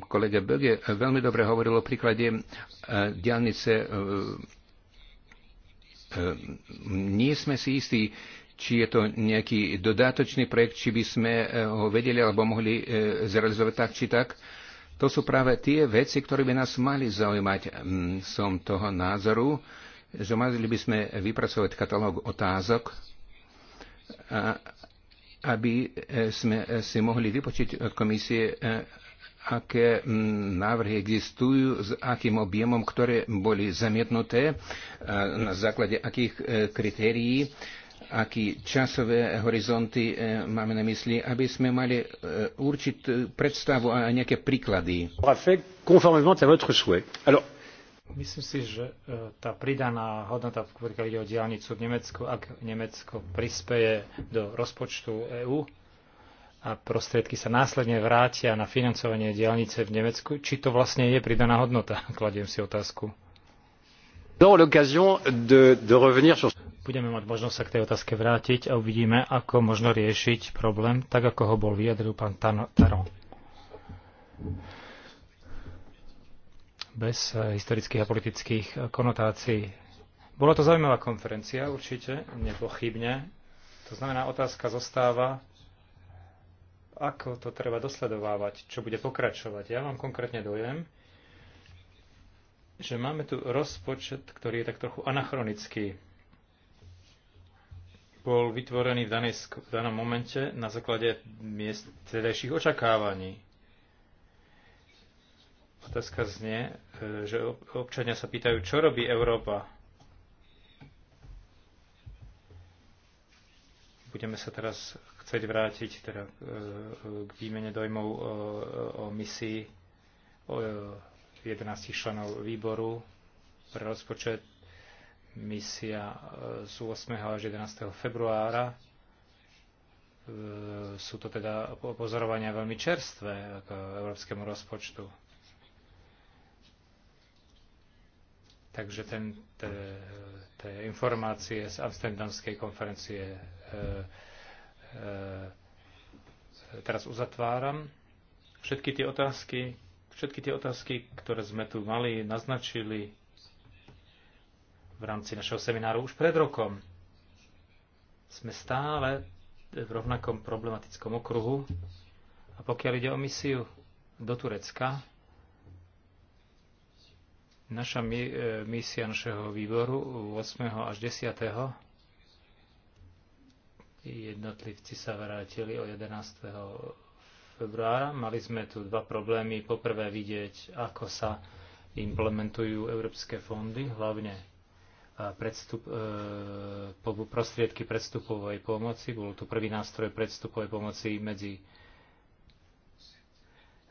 kolega Böge veľmi dobre hovoril o príklade diálnice. Nie sme si istí, či je to nejaký dodatočný projekt, či by sme ho vedeli alebo mohli zrealizovať tak, či tak to sú práve tie veci, ktoré by nás mali zaujímať. Mm, som toho názoru, že mali by sme vypracovať katalóg otázok, aby e, sme e, si mohli vypočiť od komisie, e, aké mm, návrhy existujú, s akým objemom, ktoré boli zamietnuté, na základe akých kritérií aký časové horizonty e, máme na mysli, aby sme mali e, určitú predstavu a nejaké príklady. Myslím si, že e, tá pridaná hodnota, pokiaľ ide o diálnicu v Nemecku, ak Nemecko prispieje do rozpočtu EÚ a prostriedky sa následne vrátia na financovanie diálnice v Nemecku, či to vlastne je pridaná hodnota? Kladiem si otázku. Dans l'occasion de, de revenir sur budeme mať možnosť sa k tej otázke vrátiť a uvidíme, ako možno riešiť problém, tak ako ho bol vyjadril pán Taron. Bez eh, historických a politických eh, konotácií. Bola to zaujímavá konferencia, určite, nepochybne. To znamená, otázka zostáva, ako to treba dosledovávať, čo bude pokračovať. Ja vám konkrétne dojem, že máme tu rozpočet, ktorý je tak trochu anachronický bol vytvorený v, danej, v danom momente na základe miestnejších očakávaní. Otázka znie, e, že občania sa pýtajú, čo robí Európa. Budeme sa teraz chcieť vrátiť teda, e, k výmene dojmov o, e, o misii o 11 členov výboru pre rozpočet misia z e, 8. až 11. februára. E, sú to teda pozorovania veľmi čerstvé k európskemu rozpočtu. Takže ten, te, te informácie z Amsterdamskej konferencie e, e, teraz uzatváram. Všetky tie otázky, všetky tie otázky, ktoré sme tu mali, naznačili, v rámci našeho semináru už pred rokom. Sme stále v rovnakom problematickom okruhu a pokiaľ ide o misiu do Turecka, naša e, misia našeho výboru 8. až 10. Jednotlivci sa vrátili o 11. februára. Mali sme tu dva problémy. Poprvé vidieť, ako sa implementujú európske fondy, hlavne predstup, e, prostriedky predstupovej pomoci. Bol tu prvý nástroj predstupovej pomoci medzi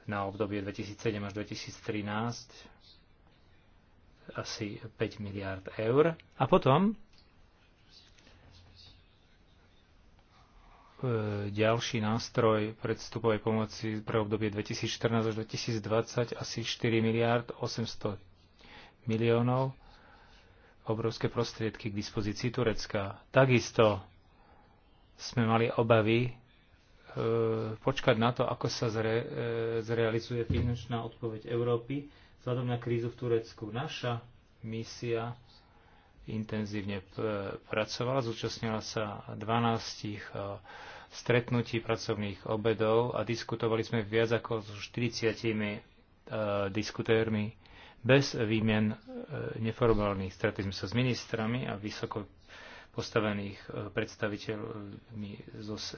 na obdobie 2007 až 2013 asi 5 miliard eur. A potom e, ďalší nástroj predstupovej pomoci pre obdobie 2014 až 2020 asi 4 miliard 800 miliónov obrovské prostriedky k dispozícii Turecka. Takisto sme mali obavy e, počkať na to, ako sa zre, e, zrealizuje finančná odpoveď Európy vzhľadom na krízu v Turecku. Naša misia intenzívne e, pracovala, zúčastnila sa 12 e, stretnutí pracovných obedov a diskutovali sme viac ako s 40 e, diskutérmi bez výmien e, neformálnych stretli sme sa s ministrami a vysoko postavených e, predstaviteľmi zo e,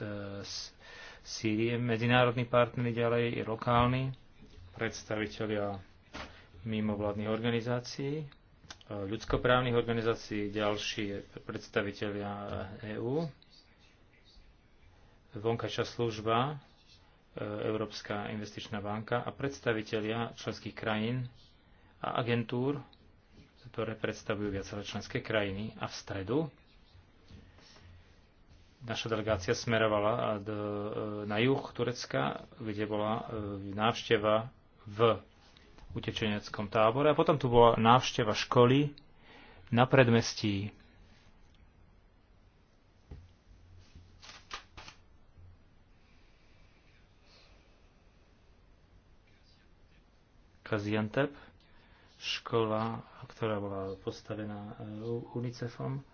Sýrie, medzinárodní partnery ďalej, lokálni predstaviteľia mimovládnych organizácií, ľudskoprávnych organizácií, ďalší predstaviteľia EÚ, vonkajšia služba, Európska investičná banka a predstavitelia členských krajín a agentúr, ktoré predstavujú viaceré členské krajiny. A v stredu naša delegácia smerovala e, na juh Turecka, kde bola e, návšteva v utečeneckom tábore. A potom tu bola návšteva školy na predmestí. Kaziantep škola, ktorá bola postavená e, UNICEFom.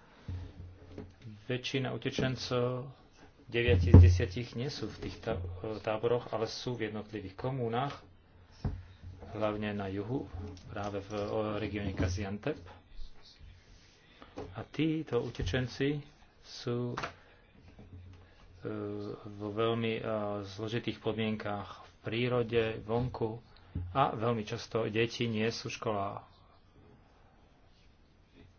Väčšina utečencov, 9 z 10, nie sú v tých e, táboroch, ale sú v jednotlivých komunách, hlavne na juhu, práve v regióne Kaziantep. A títo utečenci sú e, vo veľmi zložitých podmienkách v prírode, vonku, a veľmi často deti nie sú školá.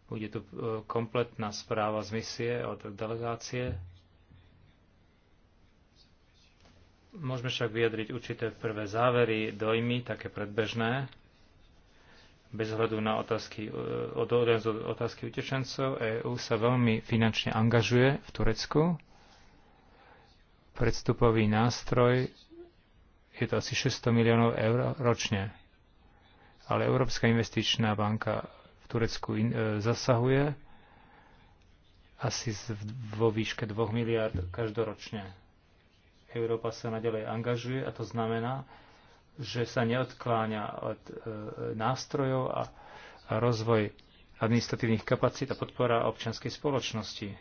Bude tu e, kompletná správa z misie od delegácie. Môžeme však vyjadriť určité prvé závery, dojmy, také predbežné, bez hľadu na otázky, e, od, otázky utečencov. EÚ sa veľmi finančne angažuje v Turecku. Predstupový nástroj je to asi 600 miliónov eur ročne. Ale Európska investičná banka v Turecku in, e, zasahuje asi z, vo výške 2 miliard každoročne. Európa sa nadalej angažuje a to znamená, že sa neodkláňa od e, nástrojov a, a rozvoj administratívnych kapacít a podpora občianskej spoločnosti.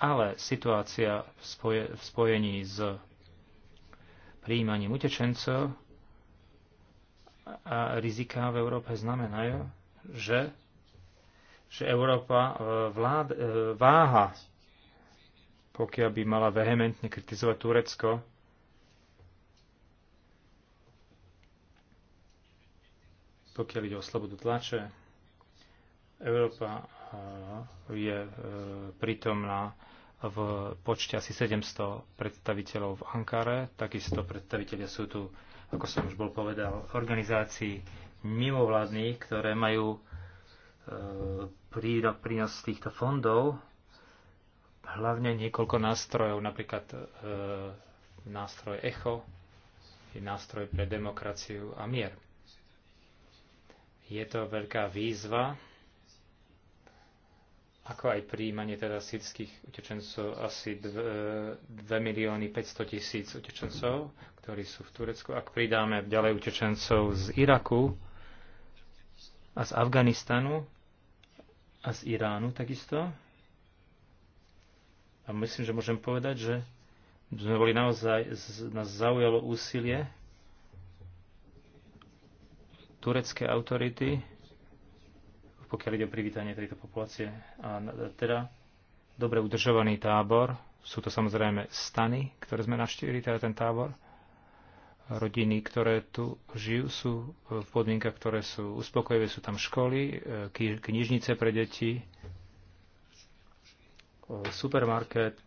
Ale situácia v, spoje, v spojení s príjmaním utečencov a riziká v Európe znamenajú, že, že Európa e, vlád, e, váha, pokiaľ by mala vehementne kritizovať Turecko, pokiaľ ide o slobodu tlače. Európa e, je prítomná v počte asi 700 predstaviteľov v Ankare. Takisto predstaviteľia sú tu, ako som už bol povedal, organizácií mimovládnych, ktoré majú e, prínos týchto fondov, hlavne niekoľko nástrojov, napríklad e, nástroj ECHO, je nástroj pre demokraciu a mier. Je to veľká výzva, ako aj príjmanie teda sírských utečencov, asi 2, 2 milióny 500 tisíc utečencov, ktorí sú v Turecku. Ak pridáme ďalej utečencov z Iraku a z Afganistanu a z Iránu takisto, a myslím, že môžem povedať, že sme boli naozaj, nás zaujalo úsilie turecké autority, pokiaľ ide o privítanie tejto populácie. A teda dobre udržovaný tábor, sú to samozrejme stany, ktoré sme navštívili, teda ten tábor. Rodiny, ktoré tu žijú, sú v podmienkach, ktoré sú uspokojivé, sú tam školy, e, knižnice pre deti, e, supermarket,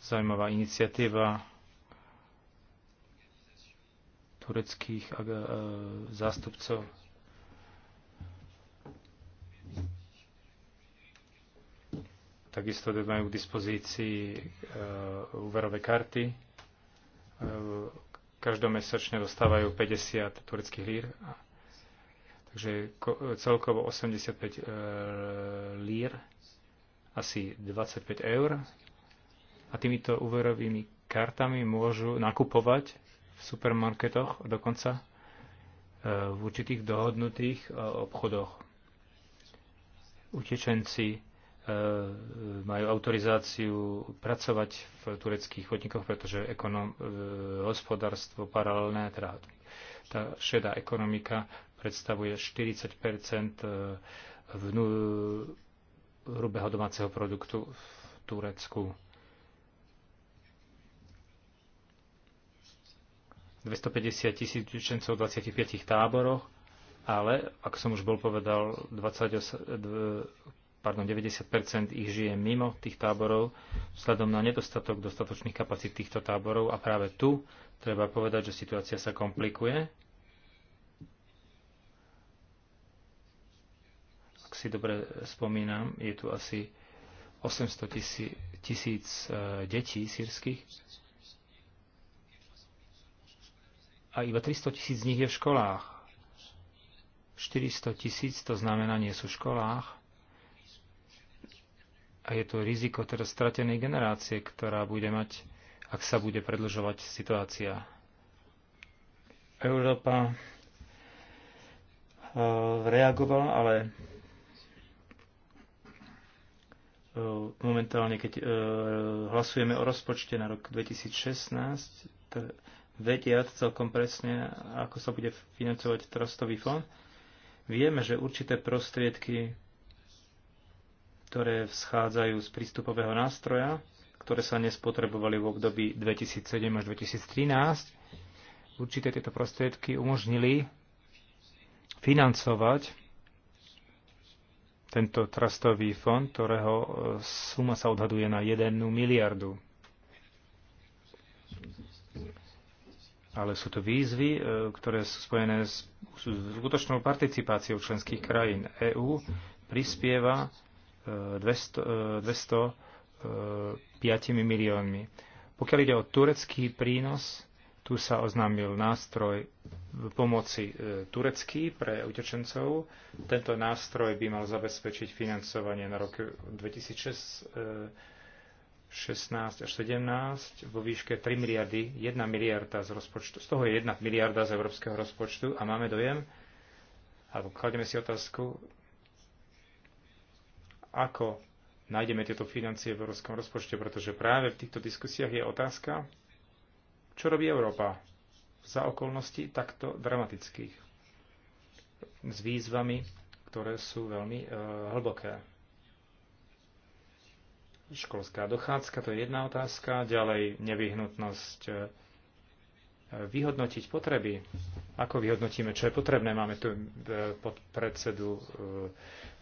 zaujímavá iniciatíva tureckých e, zástupcov Takisto majú k dispozícii e, úverové karty. E, každomesačne dostávajú 50 tureckých lír. Takže celkovo 85 e, lír, asi 25 eur. A týmito úverovými kartami môžu nakupovať v supermarketoch dokonca v určitých dohodnutých obchodoch. Utečenci E, majú autorizáciu pracovať v tureckých chodníkoch, pretože ekonom, e, hospodárstvo paralelné, teda tá šedá ekonomika predstavuje 40 e, vnú, hrubého domáceho produktu v Turecku. 250 tisíc učencov v 25 táboroch, ale, ako som už bol povedal, 28, pardon, 90 ich žije mimo tých táborov vzhľadom na nedostatok dostatočných kapacít týchto táborov a práve tu treba povedať, že situácia sa komplikuje. Ak si dobre spomínam, je tu asi 800 tisíc, e, detí sírskych a iba 300 tisíc z nich je v školách. 400 tisíc to znamená nie sú v školách a je to riziko teraz stratenej generácie, ktorá bude mať, ak sa bude predlžovať situácia. Európa e, reagovala, ale e, momentálne, keď e, hlasujeme o rozpočte na rok 2016, vediať celkom presne, ako sa bude financovať trastový fond, vieme, že určité prostriedky ktoré vschádzajú z prístupového nástroja, ktoré sa nespotrebovali v období 2007 až 2013. Určité tieto prostriedky umožnili financovať tento trastový fond, ktorého e, suma sa odhaduje na 1 miliardu. Ale sú to výzvy, e, ktoré sú spojené s skutočnou participáciou členských krajín. EÚ prispieva 205 e, miliónmi. Pokiaľ ide o turecký prínos, tu sa oznámil nástroj pomoci e, turecký pre utečencov. Tento nástroj by mal zabezpečiť financovanie na rok 2016 e, až 2017 vo výške 3 miliardy, 1 miliarda z rozpočtu, z toho je 1 miliarda z európskeho rozpočtu a máme dojem, alebo kladieme si otázku, ako nájdeme tieto financie v európskom rozpočte, pretože práve v týchto diskusiách je otázka, čo robí Európa za okolností takto dramatických s výzvami, ktoré sú veľmi e, hlboké. Školská dochádzka, to je jedna otázka, ďalej nevyhnutnosť e, vyhodnotiť potreby. Ako vyhodnotíme, čo je potrebné? Máme tu e, podpredsedu e,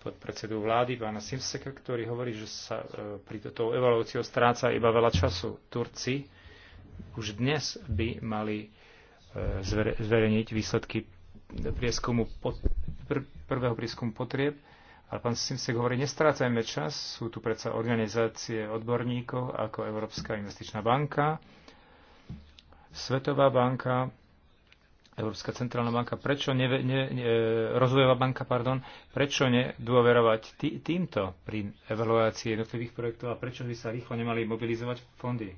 podpredsedu vlády, pána Simseka, ktorý hovorí, že sa e, pri toto evolúciou stráca iba veľa času. Turci už dnes by mali e, zverejniť výsledky prieskumu pod, pr, prvého prieskumu potrieb, ale pán Simsek hovorí, nestrácajme čas, sú tu predsa organizácie odborníkov ako Európska investičná banka, Svetová banka, Európska centrálna banka, prečo neve, ne, ne, e, rozvojová banka, pardon, prečo nedôverovať tý, týmto pri evaluácii jednotlivých projektov a prečo by sa rýchlo nemali mobilizovať fondy?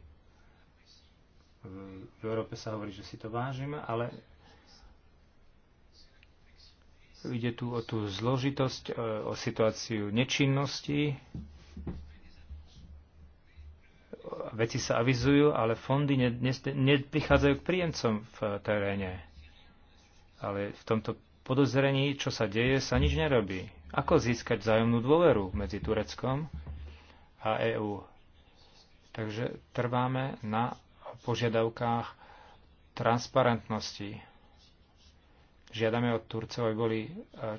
V, v Európe sa hovorí, že si to vážime, ale ide tu o tú zložitosť, e, o situáciu nečinnosti. Veci sa avizujú, ale fondy neprichádzajú k príjemcom v teréne ale v tomto podozrení, čo sa deje, sa nič nerobí. Ako získať vzájomnú dôveru medzi Tureckom a EÚ? Takže trváme na požiadavkách transparentnosti. Žiadame od Turcov, aby boli e,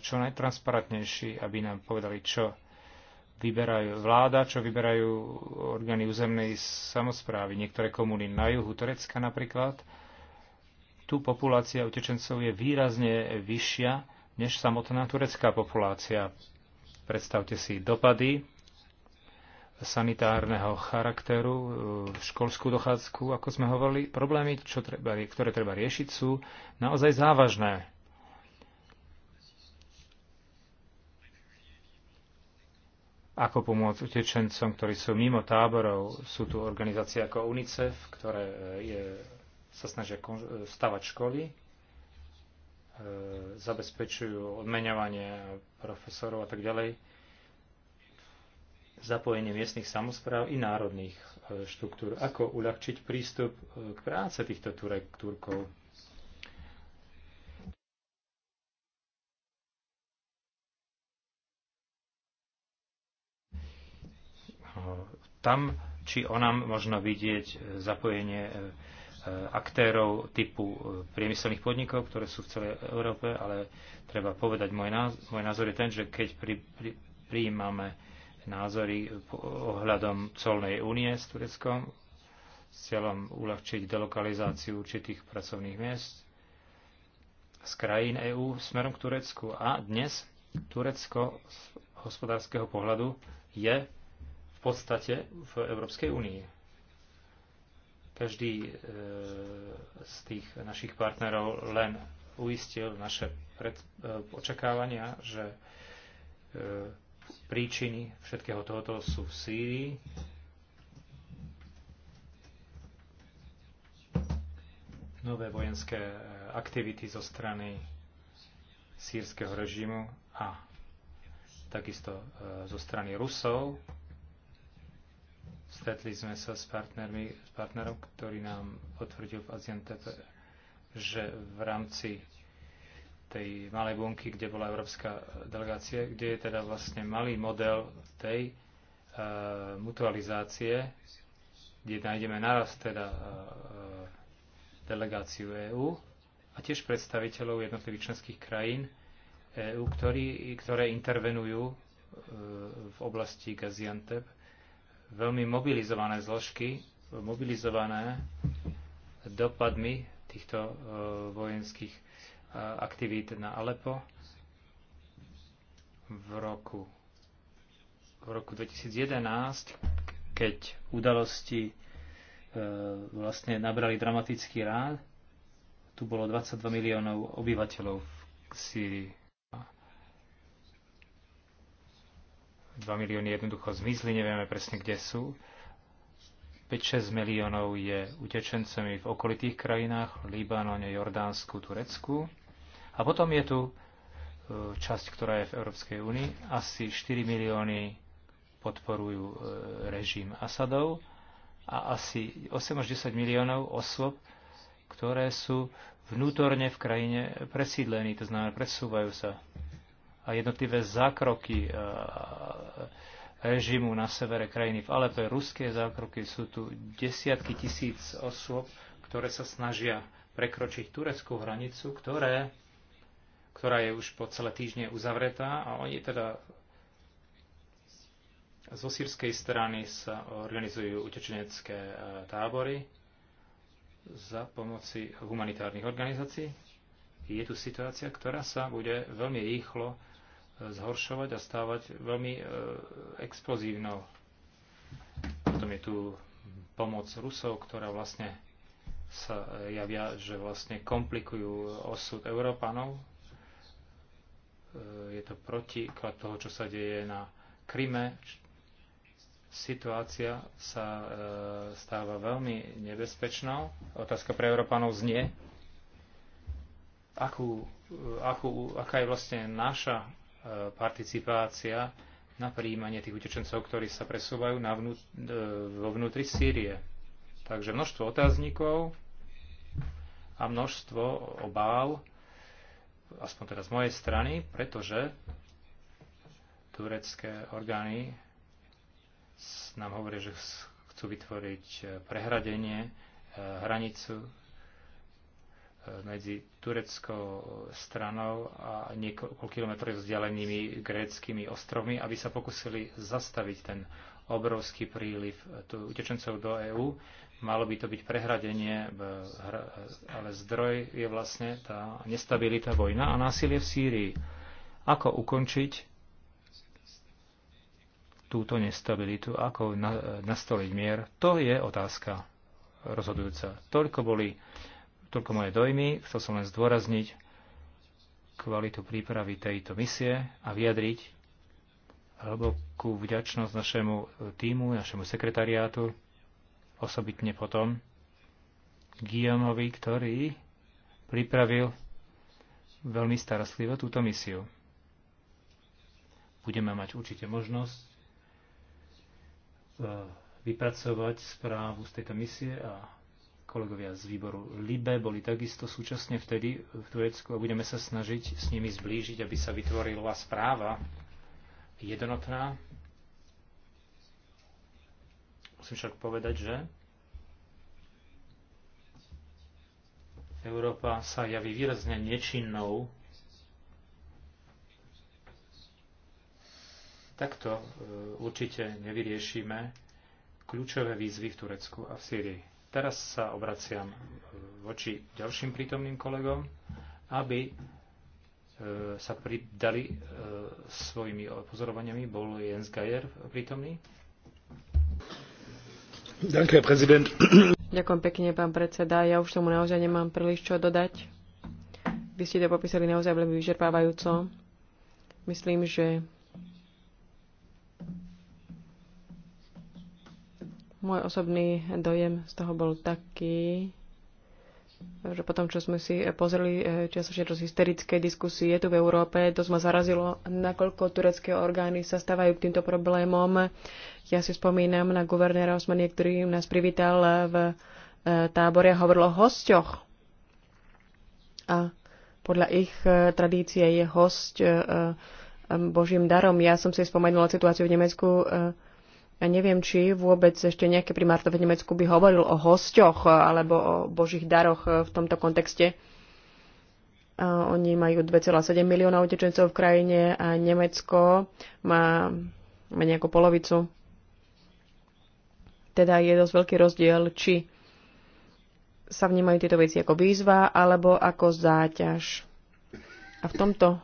čo najtransparentnejší, aby nám povedali, čo vyberajú vláda, čo vyberajú orgány územnej samozprávy, niektoré komuny na juhu Turecka napríklad, tu populácia utečencov je výrazne vyššia než samotná turecká populácia. Predstavte si dopady sanitárneho charakteru, e, školskú dochádzku, ako sme hovorili, problémy, čo treba, ktoré treba riešiť, sú naozaj závažné. Ako pomôcť utečencom, ktorí sú mimo táborov? Sú tu organizácie ako UNICEF, ktoré e, je sa snažia stavať školy, e, zabezpečujú odmeňovanie profesorov a tak ďalej, zapojenie miestnych samozpráv i národných e, štruktúr. Ako uľahčiť prístup e, k práce týchto Turek, Turkov? Tam či onam možno vidieť zapojenie Eh, aktérov typu eh, priemyselných podnikov, ktoré sú v celej Európe, ale treba povedať, môj názor, môj názor je ten, že keď pri, pri, prijímame názory eh, ohľadom colnej únie s Tureckom s cieľom uľahčiť delokalizáciu určitých pracovných miest z krajín EÚ smerom k Turecku. A dnes Turecko z hospodárskeho pohľadu je v podstate v Európskej únii každý e, z tých našich partnerov len uistil naše pred, e, očakávania, že e, príčiny všetkého tohoto sú v Sýrii. Nové vojenské aktivity zo strany sírskeho režimu a takisto zo strany Rusov Stretli sme sa s partnermi, s partnerom, ktorý nám potvrdil v Aziantepe, že v rámci tej malej bunky, kde bola európska delegácia, kde je teda vlastne malý model tej uh, mutualizácie, kde nájdeme naraz teda uh, delegáciu EÚ a tiež predstaviteľov jednotlivých členských krajín EÚ, ktoré intervenujú uh, v oblasti Gaziantep veľmi mobilizované zložky, mobilizované dopadmi týchto e, vojenských e, aktivít na Alepo v roku, v roku 2011, keď udalosti e, vlastne nabrali dramatický rád. Tu bolo 22 miliónov obyvateľov v Sýrii. 2 milióny jednoducho zmizli, nevieme presne, kde sú. 5-6 miliónov je utečencami v okolitých krajinách, Libanone, Jordánsku, Turecku. A potom je tu e, časť, ktorá je v Európskej únii. Asi 4 milióny podporujú e, režim Asadov a asi 8 až 10 miliónov osôb, ktoré sú vnútorne v krajine presídlení, to znamená presúvajú sa a jednotlivé zákroky e, režimu na severe krajiny v Alepe, ruské zákroky, sú tu desiatky tisíc osôb, ktoré sa snažia prekročiť tureckú hranicu, ktoré, ktorá je už po celé týždne uzavretá a oni teda zo sírskej strany sa organizujú utečenecké e, tábory za pomoci humanitárnych organizácií. Je tu situácia, ktorá sa bude veľmi rýchlo zhoršovať a stávať veľmi e, explozívnou. Potom je tu pomoc Rusov, ktorá vlastne sa javia, že vlastne komplikujú osud Európanov. E, je to protiklad toho, čo sa deje na Kryme. Situácia sa e, stáva veľmi nebezpečnou. Otázka pre Európanov znie, akú, akú, aká je vlastne naša participácia na príjmanie tých utečencov, ktorí sa presúvajú na vnú, e, vo vnútri Sýrie. Takže množstvo otáznikov a množstvo obáv, aspoň teda z mojej strany, pretože turecké orgány nám hovoria, že chcú vytvoriť e, prehradenie, e, hranicu medzi tureckou stranou a niekoľko kilometrov vzdialenými gréckými ostrovmi, aby sa pokusili zastaviť ten obrovský príliv eh, utečencov do EÚ. Malo by to byť prehradenie, eh, eh, ale zdroj je vlastne tá nestabilita vojna a násilie v Sýrii. Ako ukončiť túto nestabilitu, ako nastoliť mier, to je otázka rozhodujúca. Toľko boli Toľko moje dojmy. Chcel som len zdôrazniť kvalitu prípravy tejto misie a vyjadriť hlbokú vďačnosť našemu týmu, našemu sekretariátu, osobitne potom Guillaumeovi, ktorý pripravil veľmi starostlivo túto misiu. Budeme mať určite možnosť e, vypracovať správu z tejto misie a Kolegovia z výboru LIBE boli takisto súčasne vtedy v Turecku a budeme sa snažiť s nimi zblížiť, aby sa vytvorila správa jednotná. Musím však povedať, že Európa sa javí výrazne nečinnou. Takto e, určite nevyriešime kľúčové výzvy v Turecku a v Sýrii. Teraz sa obraciam voči ďalším prítomným kolegom, aby e, sa pridali e, svojimi pozorovaniami. Bol Jens Geier prítomný? Ďakujem, Ďakujem pekne, pán predseda. Ja už tomu naozaj nemám príliš čo dodať. Vy ste to popísali naozaj veľmi vyčerpávajúco. Myslím, že Môj osobný dojem z toho bol taký, že potom, čo sme si eh, pozreli eh, čiastočne dosť hysterické diskusie tu v Európe, to ma zarazilo, nakoľko turecké orgány sa stávajú k týmto problémom. Ja si spomínam na guvernéra Osmanie, ktorý nás privítal v eh, tábore a hovoril o hosťoch. A podľa ich tradície je host Božím darom. Ja som si spomenula situáciu v Nemecku, ja neviem, či vôbec ešte nejaké primárto v Nemecku by hovoril o hosťoch alebo o božích daroch v tomto kontexte. A oni majú 2,7 milióna utečencov v krajine a Nemecko má menej ako polovicu. Teda je dosť veľký rozdiel, či sa vnímajú tieto veci ako výzva alebo ako záťaž. A v tomto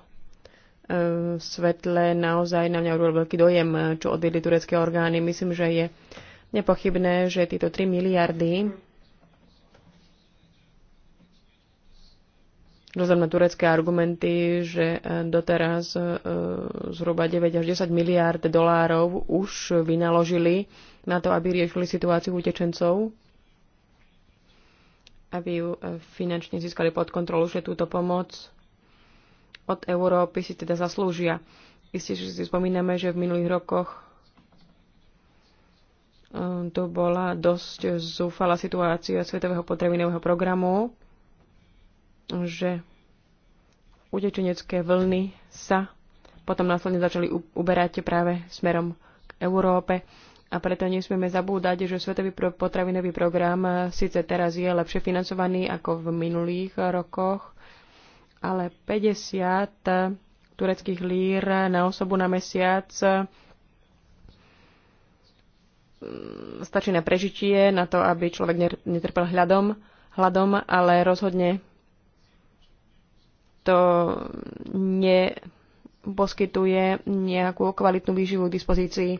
Eh, svetle naozaj na mňa urobil veľký dojem, eh, čo odviedli turecké orgány. Myslím, že je nepochybné, že tieto 3 miliardy Rozum na turecké argumenty, že eh, doteraz zhruba 9 až 10 miliárd dolárov už vynaložili na to, aby riešili situáciu utečencov, aby ju finančne získali pod kontrolu, že túto pomoc od Európy si teda zaslúžia. Isté, že si spomíname, že v minulých rokoch eh, to bola dosť zúfala situácia Svetového potravinového programu, že utečenecké vlny sa potom následne začali uberať práve smerom k Európe a preto nesmieme zabúdať, že Svetový potravinový program eh, síce teraz je lepšie financovaný ako v minulých rokoch, ale 50 e, tureckých lír na osobu na mesiac e, stačí na prežitie, na to, aby človek netrpel hľadom, hladom, ale rozhodne to neposkytuje nejakú kvalitnú výživu k dispozícii.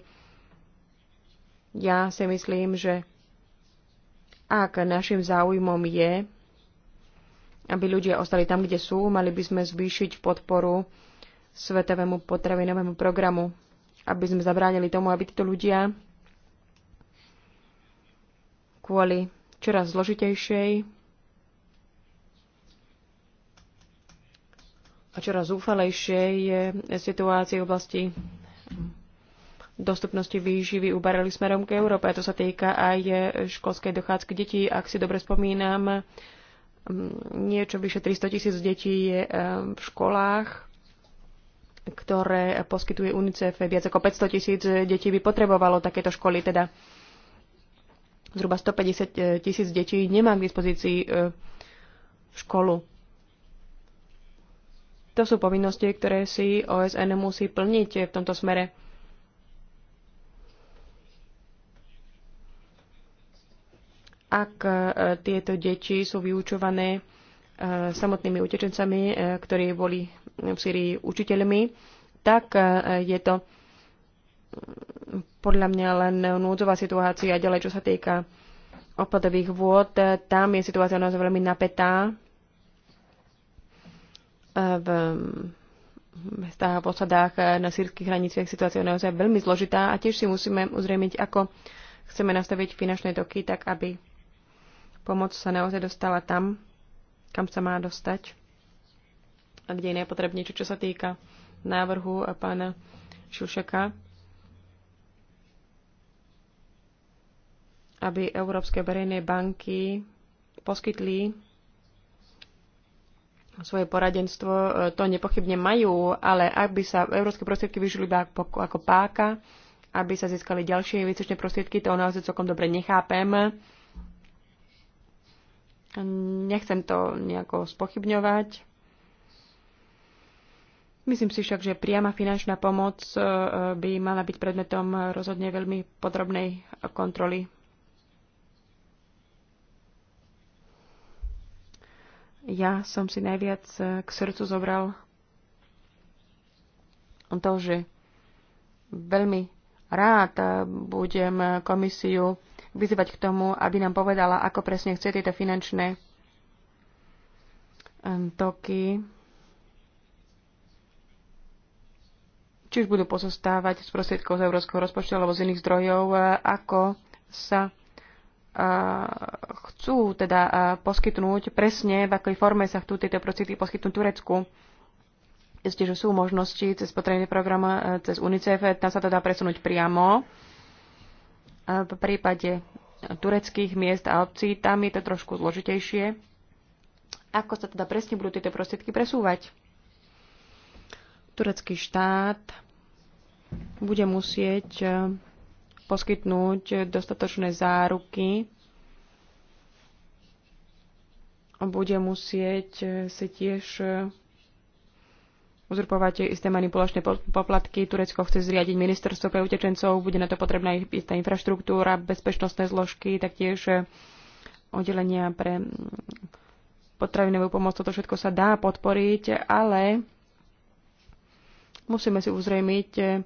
Ja si myslím, že ak našim záujmom je aby ľudia ostali tam, kde sú. Mali by sme zvýšiť podporu Svetovému potravinovému programu, aby sme zabránili tomu, aby títo ľudia kvôli čoraz zložitejšej a čoraz zúfalejšej situácii v oblasti dostupnosti výživy ubarali smerom k Európe. A to sa týka aj školskej dochádzky detí. Ak si dobre spomínam, Niečo vyše 300 tisíc detí je eh, v školách, ktoré poskytuje UNICEF. Viac ako 500 tisíc detí by potrebovalo takéto školy, teda zhruba 150 eh, tisíc detí nemá k dispozícii eh, školu. To sú povinnosti, ktoré si OSN musí plniť v tomto smere. Ak e, tieto deti sú vyučované e, samotnými utečencami, e, ktorí boli v Syrii učiteľmi, tak je to mm, podľa mňa len núdzová situácia. Ďalej, čo sa týka odpadových vôd, tam je situácia naozaj veľmi napätá. V mm, mestách a posadách osadách na sírskych hraniciach situácia je naozaj veľmi zložitá a tiež si musíme uzrejmiť, ako chceme nastaviť finančné toky, tak aby pomoc sa naozaj dostala tam, kam sa má dostať a kde je najpotrebnejšie, čo sa týka návrhu pána Šušaka, aby Európske verejné banky poskytli svoje poradenstvo. E, to nepochybne majú, ale aby sa európske prostriedky vyžili iba ako páka, aby sa získali ďalšie investičné prostriedky, to naozaj celkom dobre nechápem. Nechcem to nejako spochybňovať. Myslím si však, že priama finančná pomoc e, e, by mala byť predmetom rozhodne veľmi podrobnej kontroly. Ja som si najviac e, k srdcu zobral to, že veľmi rád eh, budem eh, komisiu vyzývať k tomu, aby nám povedala, ako presne chce tieto finančné toky či už budú pozostávať z prostriedkov z európskeho rozpočtu alebo z iných zdrojov, eh, ako sa chcú teda poskytnúť presne, v akej forme sa chcú tieto prostriedky poskytnúť Turecku. Isté, že sú možnosti cez potrebný program, e, cez UNICEF, tam sa to dá presunúť priamo. A e, v prípade tureckých miest a obcí, tam je to trošku zložitejšie. Ako sa teda presne budú tieto prostriedky presúvať? Turecký štát bude musieť e, poskytnúť dostatočné záruky, bude musieť si tiež uzurpovať isté manipulačné poplatky. Turecko chce zriadiť ministerstvo pre utečencov, bude na to potrebná istá infraštruktúra, bezpečnostné zložky, taktiež eh, oddelenia pre mm, potravinovú pomoc. Toto všetko sa dá podporiť, ale musíme si uzrejmiť, eh,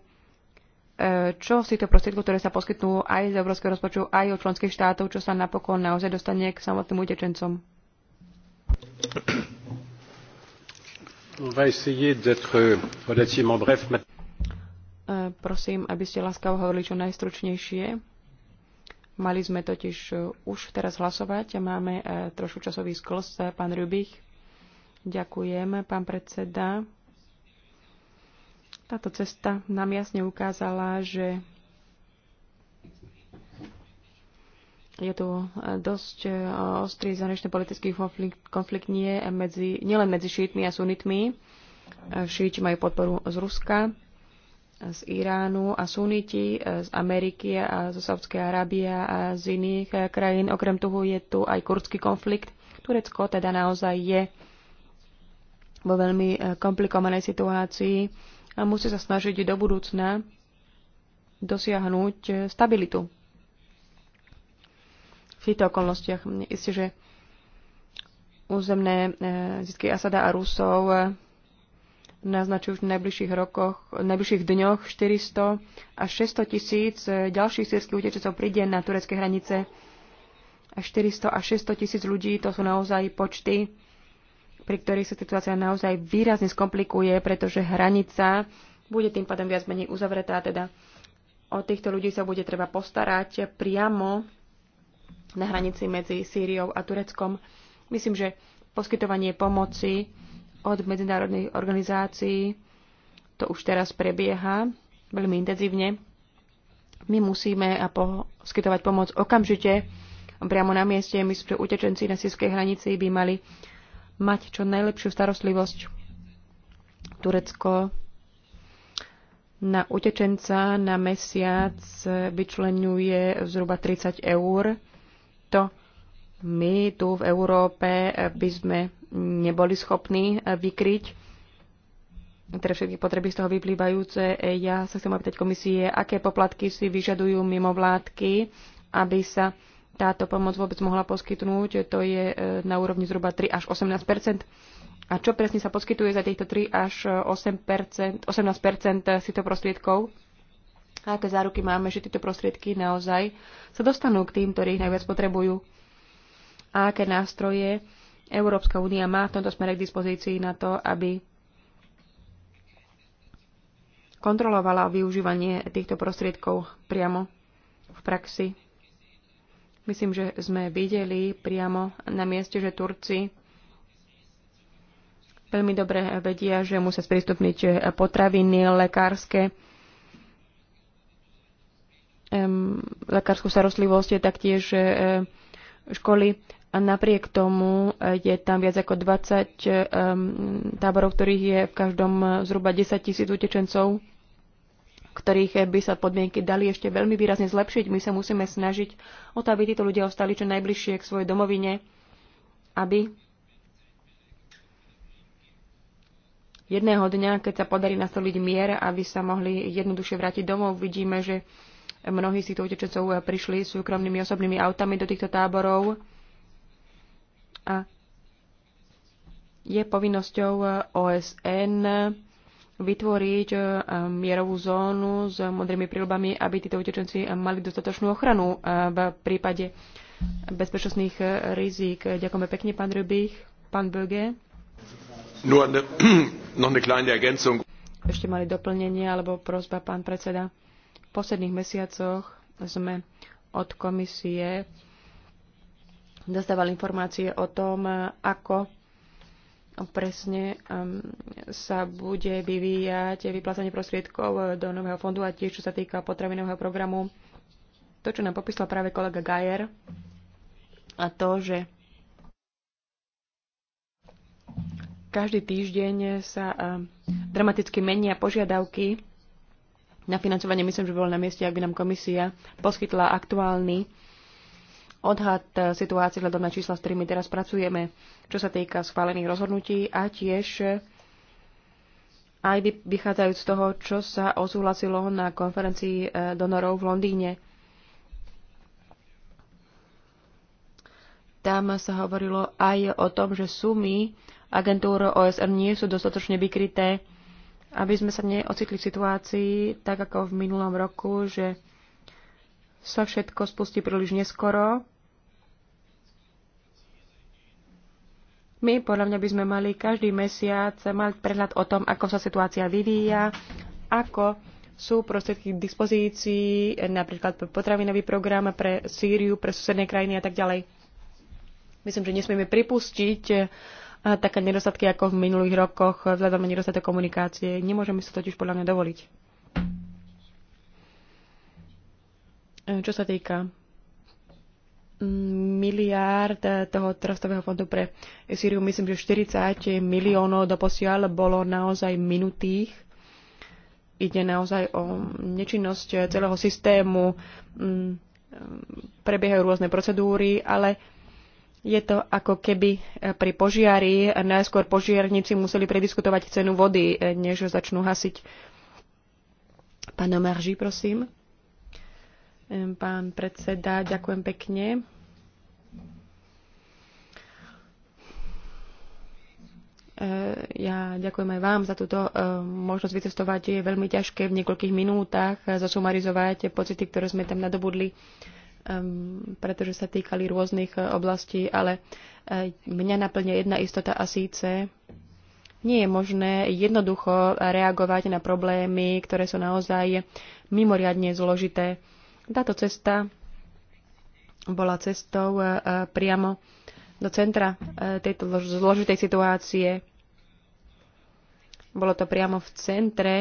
čo si to prostriedkov, ktoré sa poskytnú aj z európskeho rozpočtu, aj od členských štátov, čo sa napokon naozaj dostane k samotným utečencom. E, prosím, aby ste láskavo hovorili čo najstručnejšie. Mali sme totiž e, už teraz hlasovať a máme e, trošku časový sklos. Pán Rubich, ďakujem, pán predseda. Táto cesta nám jasne ukázala, že je tu e, dosť e, ostrý zahraničný politický konflikt, konflikt nie medzi, nielen medzi šítmi a sunitmi. E, šíti majú podporu z Ruska, z Iránu a suniti z Ameriky a zo Saudskej Arábie a z iných krajín. Okrem toho je tu aj kurdský konflikt. Turecko teda naozaj je vo veľmi komplikovanej situácii a musí sa snažiť do budúcna dosiahnuť stabilitu v týchto okolnostiach. Isté, že územné e, zisky Asada a Rusov e, naznačujú v najbližších rokoch, v najbližších dňoch 400 až 600 tisíc e, ďalších sírskych utečencov príde na turecké hranice. A 400 až 600 tisíc ľudí, to sú naozaj počty, pri ktorých sa situácia naozaj výrazne skomplikuje, pretože hranica bude tým pádom viac menej uzavretá. Teda o týchto ľudí sa bude treba postarať priamo na hranici medzi Sýriou a Tureckom. Myslím, že poskytovanie pomoci od medzinárodných organizácií to už teraz prebieha veľmi intenzívne. My musíme poskytovať pomoc okamžite, priamo na mieste. Myslím, že utečenci na sírskej hranici by mali mať čo najlepšiu starostlivosť. Turecko na utečenca na mesiac vyčlenuje zhruba 30 eur to my tu v Európe by sme neboli schopní vykryť teda všetky potreby z toho vyplývajúce. Ja sa chcem opýtať komisie, aké poplatky si vyžadujú mimo vládky, aby sa táto pomoc vôbec mohla poskytnúť. To je e, na úrovni zhruba 3 až 18 A čo presne sa poskytuje za týchto 3 až 8 18 z týchto prostriedkov? A aké záruky máme, že tieto prostriedky naozaj sa dostanú k tým, ktorí ich najviac potrebujú? A aké nástroje Európska únia má v tomto smere k dispozícii na to, aby kontrolovala využívanie týchto prostriedkov priamo v praxi. Myslím, že sme videli priamo na mieste, že Turci veľmi dobre vedia, že musia sprístupniť potraviny lekárske, lekárskú starostlivosť, taktiež e, e, školy. A napriek tomu e, je tam viac ako 20 táborov, ktorých je v každom zhruba 10 tisíc utečencov, ktorých by sa podmienky dali ešte veľmi výrazne zlepšiť. My sa musíme snažiť o to, aby títo ľudia ostali čo najbližšie k svojej domovine, aby jedného dňa, keď sa podarí nastoliť mier, aby sa mohli jednoduše vrátiť domov. Vidíme, že Mnohí z týchto utečencov prišli súkromnými osobnými autami do týchto táborov a je povinnosťou OSN vytvoriť e, mierovú zónu s modrými prílbami, aby títo utečenci mali dostatočnú ochranu e, v prípade bezpečnostných e, rizík. Ďakujeme pekne, pán Rybich, pán Böge. Ešte mali doplnenie alebo prosba, pán predseda posledných mesiacoch sme od komisie dostávali informácie o tom, ako presne um, sa bude vyvíjať vyplácanie prostriedkov do nového fondu a tiež, čo sa týka potravinového programu. To, čo nám popísal práve kolega Gajer, a to, že každý týždeň sa um, dramaticky menia požiadavky na financovanie myslím, že bolo na mieste, ak by nám komisia poskytla aktuálny odhad e, situácie vzhľadom na čísla, s ktorými teraz pracujeme, čo sa týka schválených rozhodnutí a tiež e, aj vychádzajúc z toho, čo sa osúhlasilo na konferencii e, donorov v Londýne. Tam sa hovorilo aj o tom, že sumy agentúr OSN nie sú dostatočne vykryté aby sme sa neocitli v situácii, tak ako v minulom roku, že sa všetko spustí príliš neskoro. My, podľa mňa, by sme mali každý mesiac mať prehľad o tom, ako sa situácia vyvíja, ako sú prostriedky k dispozícii, napríklad potravinový program pre Sýriu, pre susedné krajiny a tak ďalej. Myslím, že nesmieme pripustiť, také nedostatky ako v minulých rokoch vzhľadom na nedostatok komunikácie. Nemôžeme si to totiž podľa mňa dovoliť. E, čo sa týka mm, miliárd e, toho trastového fondu pre Syriu, myslím, že 40 miliónov doposiaľ bolo naozaj minutých ide naozaj o nečinnosť celého systému, mm, e, prebiehajú rôzne procedúry, ale je to ako keby e, pri požiari e, najskôr požiarníci museli prediskutovať cenu vody, e, než začnú hasiť. Pán Omarži, prosím. Pán predseda, ďakujem pekne. Ja ďakujem aj vám za túto možnosť vycestovať. Je veľmi ťažké v niekoľkých minútach zosumarizovať pocity, ktoré sme tam nadobudli pretože sa týkali rôznych e, oblastí, ale e, mňa naplňa jedna istota a síce nie je možné jednoducho reagovať na problémy, ktoré sú naozaj mimoriadne zložité. Táto cesta bola cestou e, priamo do centra tejto zložitej situácie. Bolo to priamo v centre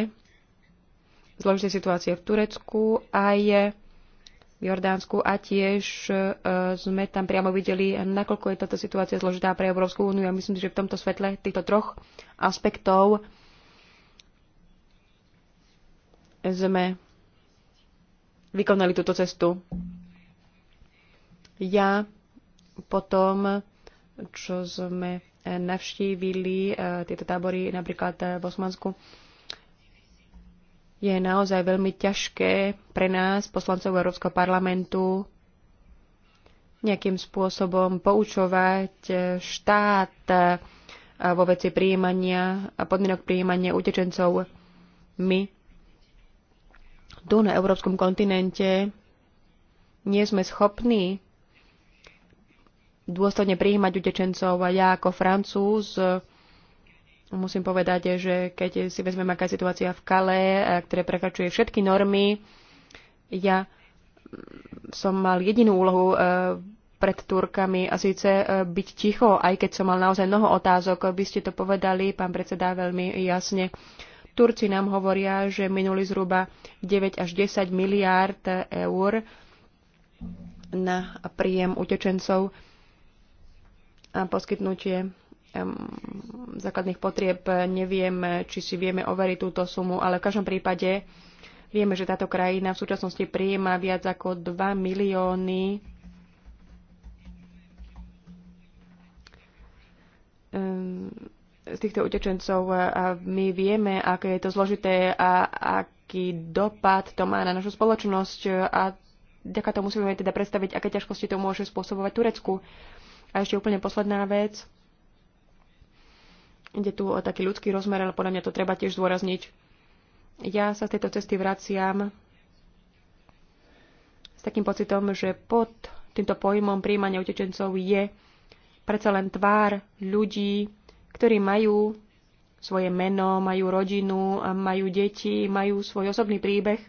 zložitej situácie v Turecku aj v Jordánsku a tiež e, sme tam priamo videli, nakoľko je táto situácia zložitá pre Európsku úniu a myslím že v tomto svetle týchto troch aspektov sme vykonali túto cestu. Ja potom, čo sme navštívili e, tieto tábory napríklad v Osmansku, je naozaj veľmi ťažké pre nás, poslancov Európskeho parlamentu, nejakým spôsobom poučovať eh, štát eh, vo veci príjmania a podmienok príjmania utečencov. My tu na európskom kontinente nie sme schopní dôsledne prijímať utečencov a ja ako francúz musím povedať, že keď si vezmem, aká je situácia v Kale, eh, ktoré prekračuje všetky normy, ja som mal jedinú úlohu eh, pred Turkami a síce eh, byť ticho, aj keď som mal naozaj mnoho otázok. By ste to povedali, pán predseda, veľmi jasne. Turci nám hovoria, že minuli zhruba 9 až 10 miliárd eur na príjem utečencov a poskytnutie základných potrieb. Neviem, či si vieme overiť túto sumu, ale v každom prípade vieme, že táto krajina v súčasnosti prijíma viac ako 2 milióny z týchto utečencov a my vieme, aké je to zložité a aký dopad to má na našu spoločnosť a ďaká to musíme teda predstaviť, aké ťažkosti to môže spôsobovať Turecku. A ešte úplne posledná vec. Ide tu o taký ľudský rozmer, ale podľa mňa to treba tiež zdôrazniť. Ja sa z tejto cesty vraciam s takým pocitom, že pod týmto pojmom príjmania utečencov je predsa len tvár ľudí, ktorí majú svoje meno, majú rodinu, majú deti, majú svoj osobný príbeh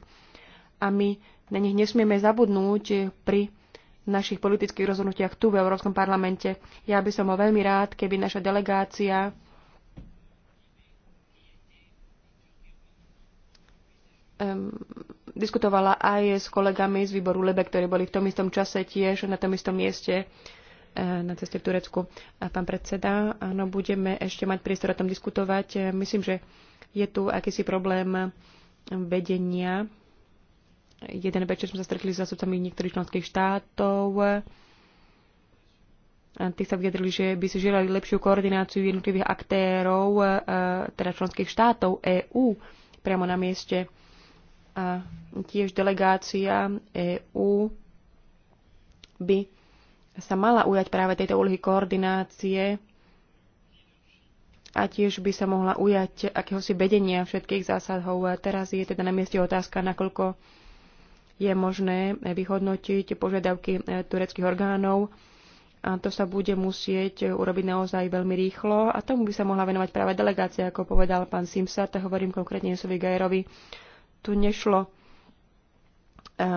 a my na nich nesmieme zabudnúť pri našich politických rozhodnutiach tu v Európskom parlamente. Ja by som ho veľmi rád, keby naša delegácia um, diskutovala aj s kolegami z výboru LEBE, ktorí boli v tom istom čase tiež na tom istom mieste e, na ceste v Turecku. A pán predseda, áno, budeme ešte mať priestor o tom diskutovať. E, myslím, že je tu akýsi problém vedenia. Jeden večer sme sa stretli s zasudcami niektorých členských štátov. Tí sa vyjadrili, že by si želali lepšiu koordináciu jednotlivých aktérov, e, teda členských štátov EÚ priamo na mieste a tiež delegácia EÚ by sa mala ujať práve tejto úlohy koordinácie a tiež by sa mohla ujať akéhosi vedenia všetkých zásahov. Teraz je teda na mieste otázka, nakoľko je možné vyhodnotiť požiadavky e, tureckých orgánov. A to sa bude musieť urobiť naozaj veľmi rýchlo a tomu by sa mohla venovať práve delegácia, ako povedal pán Simsa, to hovorím konkrétne Jesovi Gajerovi, tu nešlo eh,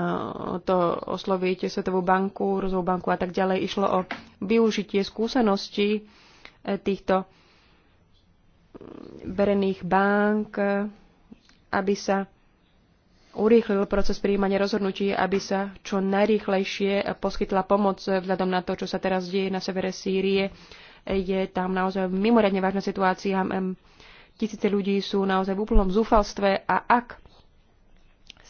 to osloviť Svetovú banku, Rozovú banku a tak ďalej. Išlo o využitie skúseností eh, týchto berených bank, aby sa urýchlil proces príjmania rozhodnutí, aby sa čo najrýchlejšie poskytla pomoc eh, vzhľadom na to, čo sa teraz deje na severe Sýrie. Je tam naozaj mimoriadne vážna situácia. Tisíce ľudí sú naozaj v úplnom zúfalstve a ak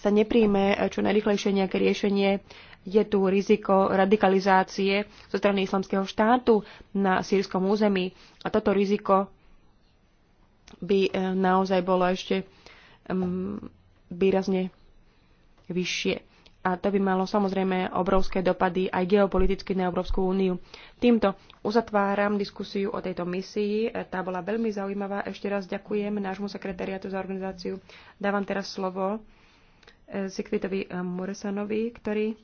sa nepríjme e, čo najrychlejšie nejaké riešenie, je tu riziko radikalizácie zo strany islamského štátu na sírskom území. A toto riziko by e, naozaj bolo ešte mm, výrazne vyššie a to by malo samozrejme obrovské dopady aj geopoliticky na Európsku úniu. Týmto uzatváram diskusiu o tejto misii. E, tá bola veľmi zaujímavá. Ešte raz ďakujem nášmu sekretariatu za organizáciu. Dávam teraz slovo Sikvitovi Morsanovi, ktorý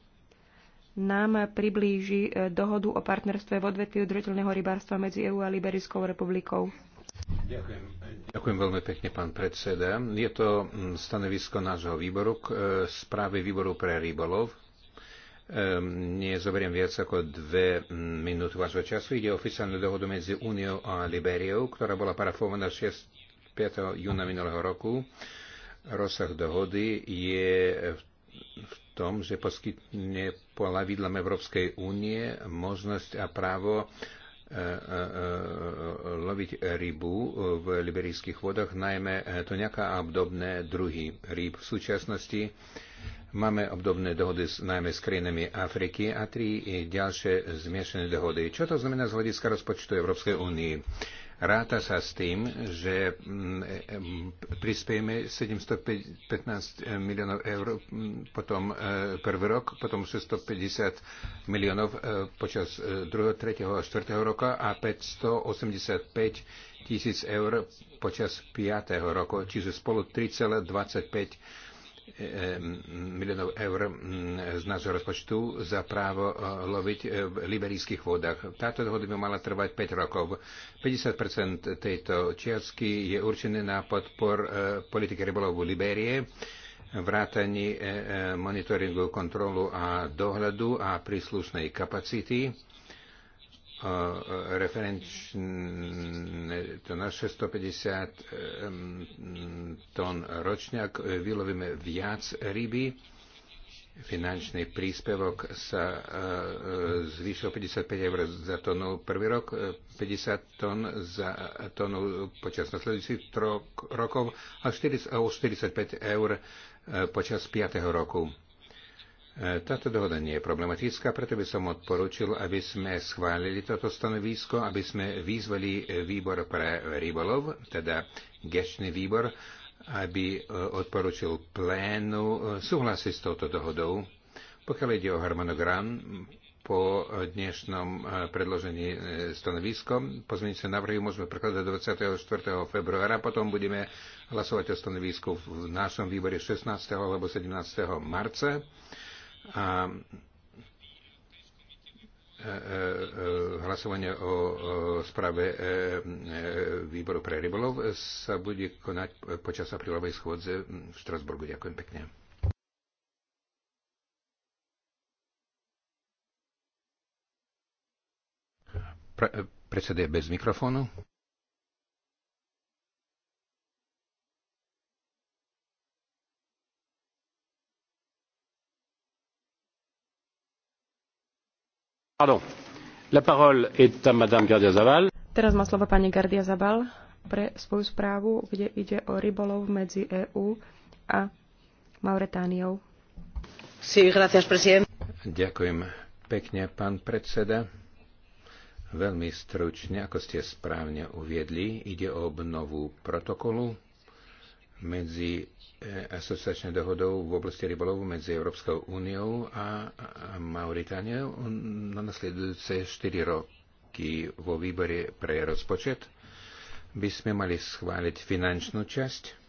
nám priblíži e, dohodu o partnerstve v odvetví udržateľného rybárstva medzi EÚ a Liberijskou republikou. Ďakujem. Ďakujem veľmi pekne, pán predseda. Je to mm, stanovisko nášho výboru k e, správe výboru pre rybolov. Ehm, Nezoberiem viac ako dve mm, minúty vášho času. Ide oficiálnu dohodu medzi Úniou a Liberiou, ktorá bola parafovaná 6, 5. júna minulého roku. Rozsah dohody je v tom, že poskytne polavidlom Európskej únie možnosť a právo e, e, e, loviť rybu v liberijských vodách, najmä to nejaká obdobné druhy rýb. V súčasnosti máme obdobné dohody s, najmä s krajinami Afriky a tri ďalšie zmiešané dohody. Čo to znamená z hľadiska rozpočtu Európskej únie? Ráta sa s tým, že mm, e, e, prispieme 715 miliónov eur mm, potom e, prvý rok, potom 650 miliónov počas druhého, tretieho a štvrtého roka a 585 tisíc eur počas 5. roku, čiže spolu 3,25 Eh, miliónov eur mm, z nášho rozpočtu za právo eh, loviť eh, v liberijských vodách. Táto dohoda by mala trvať 5 rokov. 50 tejto čiastky je určené na podpor politiky rybolovu Liberie, vrátanie monitoringu, kontrolu a dohľadu a príslušnej kapacity referenčné to na 650 tón ročne, ak vylovíme viac ryby, finančný príspevok sa e, zvýšil 55 eur za tónu prvý rok, 50 e, tón za tónu počas nasledujúcich troch rokov a 40, 45 eur e, počas 5. roku E, táto dohoda nie je problematická, preto by som odporučil, aby sme schválili toto stanovisko, aby sme vyzvali výbor pre rybolov, teda gečný výbor, aby e, odporučil plénu e, súhlasiť s touto dohodou. Pokiaľ ide o harmonogram, po dnešnom predložení stanoviskom. Pozmeňujúce návrhy môžeme prekladať 24. februára, potom budeme hlasovať o stanovisku v našom výbore 16. alebo 17. marca a e, e, e, hlasovanie o správe výboru pre rybolov sa bude konať počas aprílovej schôdze v Štrasburgu. Ďakujem pekne. Pre, predseda bez mikrofónu. Teraz má slovo pani Gardia Zabal pre svoju správu, kde ide o rybolov medzi EÚ a Mauretániou. Ďakujem pekne, pán predseda. Veľmi stručne, ako ste správne uviedli, ide o obnovu protokolu medzi eh, asociačnou dohodou v oblasti rybolovu medzi Európskou úniou a Mauritániou na nasledujúce 4 roky vo výbore pre rozpočet by sme mali schváliť finančnú časť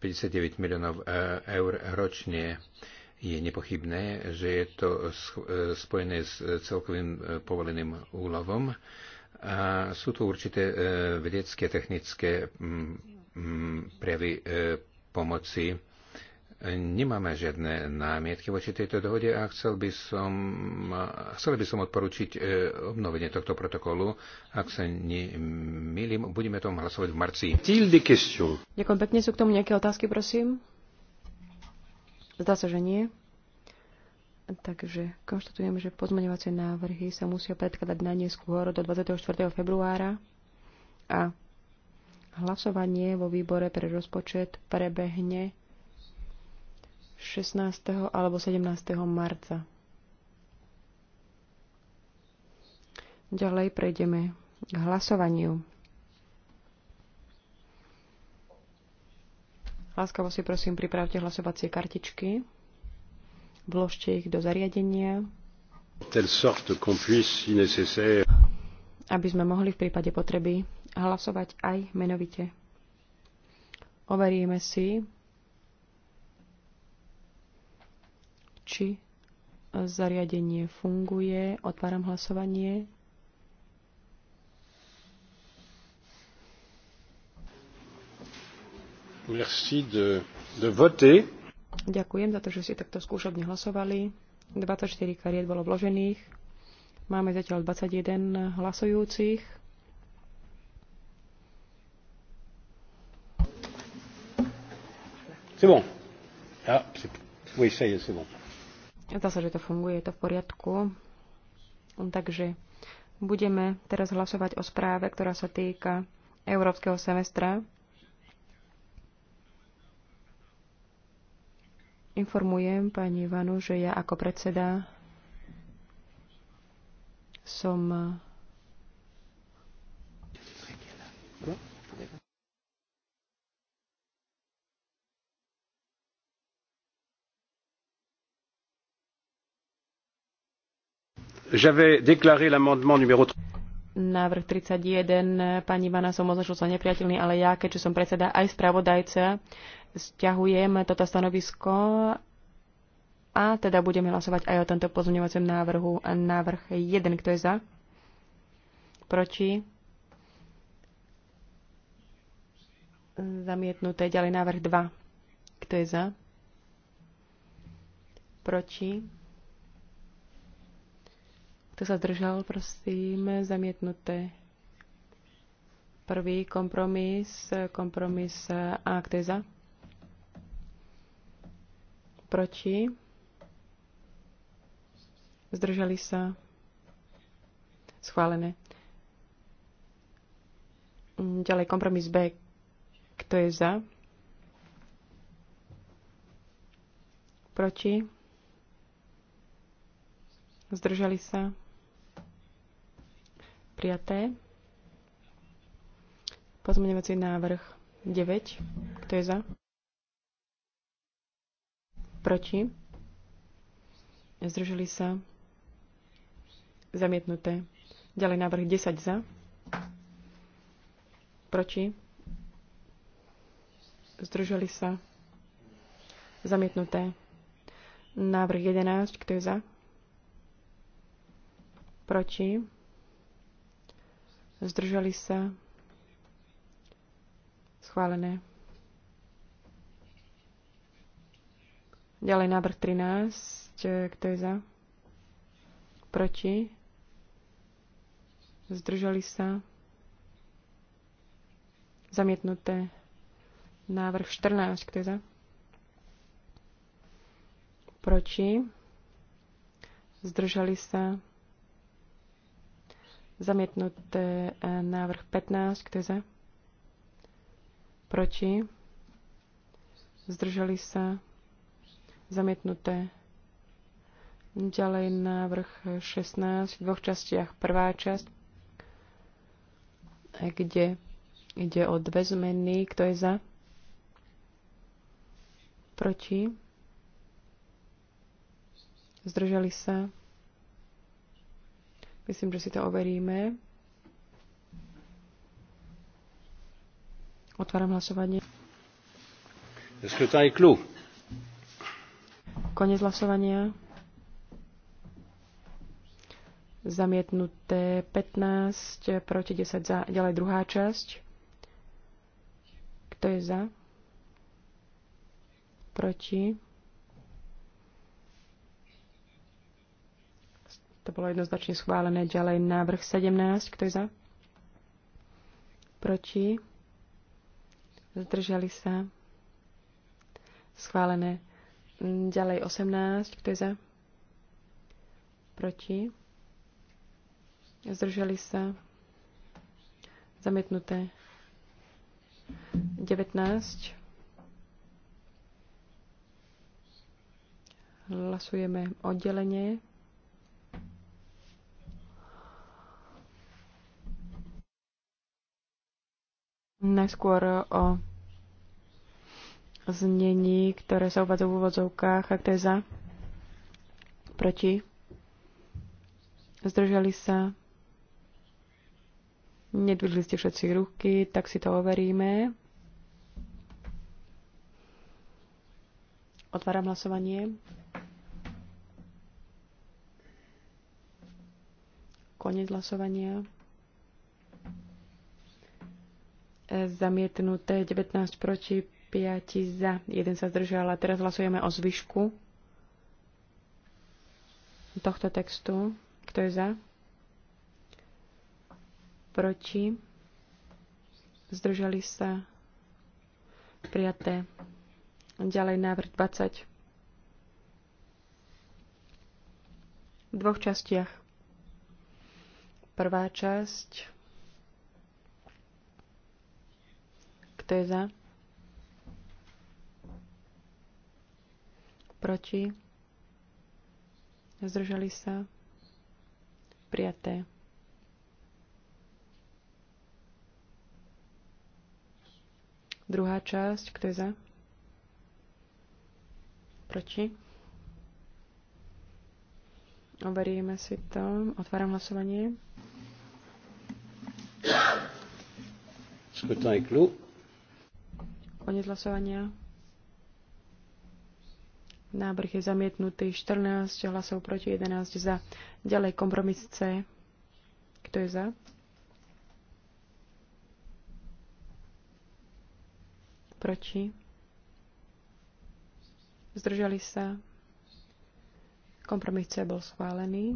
59 miliónov eh, eur ročne je nepochybné, že je to eh, spojené s celkovým povoleným úlovom a sú tu určité e, vedecké, technické prejavy e, pomoci. Nemáme žiadne námietky voči tejto dohode a chcel by som, chcel by som odporučiť e, obnovenie tohto protokolu. Ak sa nemýlim, budeme tom hlasovať v marci. Ďakujem pekne. Sú k tomu nejaké otázky, prosím? Zdá sa, že nie. Takže konštatujem, že pozmeňovacie návrhy sa musia predkladať na neskôr do 24. februára a hlasovanie vo výbore pre rozpočet prebehne 16. alebo 17. marca. Ďalej prejdeme k hlasovaniu. Láskavo si prosím pripravte hlasovacie kartičky vložte ich do zariadenia, aby sme mohli v prípade potreby hlasovať aj menovite. Overíme si, či zariadenie funguje. Otváram hlasovanie. Merci de, de voter. Ďakujem za to, že ste takto skúšobne hlasovali. 24 kariet bolo vložených. Máme zatiaľ 21 hlasujúcich. C'est Ja, Ah, Oui, ça y est, Zdá sa, že to funguje, je to v poriadku. Takže budeme teraz hlasovať o správe, ktorá sa týka európskeho semestra Informujem pani Ivanu, že ja ako predseda som j'avais déclaré l'amendement numéro 3 návrh 31 pani Ivana som označil za nepriateľný, ale ja, keďže som predseda aj spravodajca, stiahujem toto stanovisko a teda budeme hlasovať aj o tomto pozmeňovacom návrhu. Návrh 1, kto je za? Proti? Zamietnuté. Ďalej návrh 2. Kto je za? Proti? Kto sa zdržal, prosím, zamietnuté. Prvý kompromis, kompromis A, kto je za? Proti? Zdržali sa? Schválené. Ďalej kompromis B. Kto je za? Proti? Zdržali sa? Prijaté. Pozmeňovací návrh 9. Kto je za? Proti? Zdržili sa? Zamietnuté. Ďalej návrh 10 za. Proti? Zdržali sa? Zamietnuté. Návrh 11. Kto je za? Proti? Zdržali sa? Schválené. Ďalej návrh 13. Kto je za? Proti? Zdržali sa? Zamietnuté. Návrh 14. Kto je za? Proti? Zdržali sa? Zamietnuté e, návrh 15, kto je za? Proti? Zdržali sa? Zamietnuté. Ďalej návrh 16 v dvoch častiach. Prvá časť, e, kde ide o dve zmeny. Kto je za? Proti? Zdržali sa? Myslím, že si to overíme. Otváram hlasovanie. Konec hlasovania. Zamietnuté 15, proti 10 za. Ďalej druhá časť. Kto je za? Proti. To bolo jednoznačne schválené. Ďalej návrh 17. Kto je za? Proti? Zdržali sa? Schválené. Ďalej 18. Kto je za? Proti? Zdržali sa? Zamietnuté. 19. Hlasujeme oddelenie. Najskôr o znení, ktoré sa uvádza v úvodzovkách a to je za, proti, zdržali sa, nedvihli ste všetci ruky, tak si to overíme. Otváram hlasovanie. Konec hlasovania. zamietnuté, 19 proti, 5 za, 1 sa zdržal. A teraz hlasujeme o zvyšku tohto textu. Kto je za? Proti? Zdržali sa? Prijaté. Ďalej návrh 20. V dvoch častiach. Prvá časť kto je za, proti, zdržali sa, prijaté. Druhá časť, kto je za? Proti? Overíme si to. Otváram hlasovanie. klub. Konec hlasovania. Návrh je zamietnutý 14 hlasov proti 11 za. Ďalej kompromis C. Kto je za? Proti? Zdržali sa? Kompromis C bol schválený.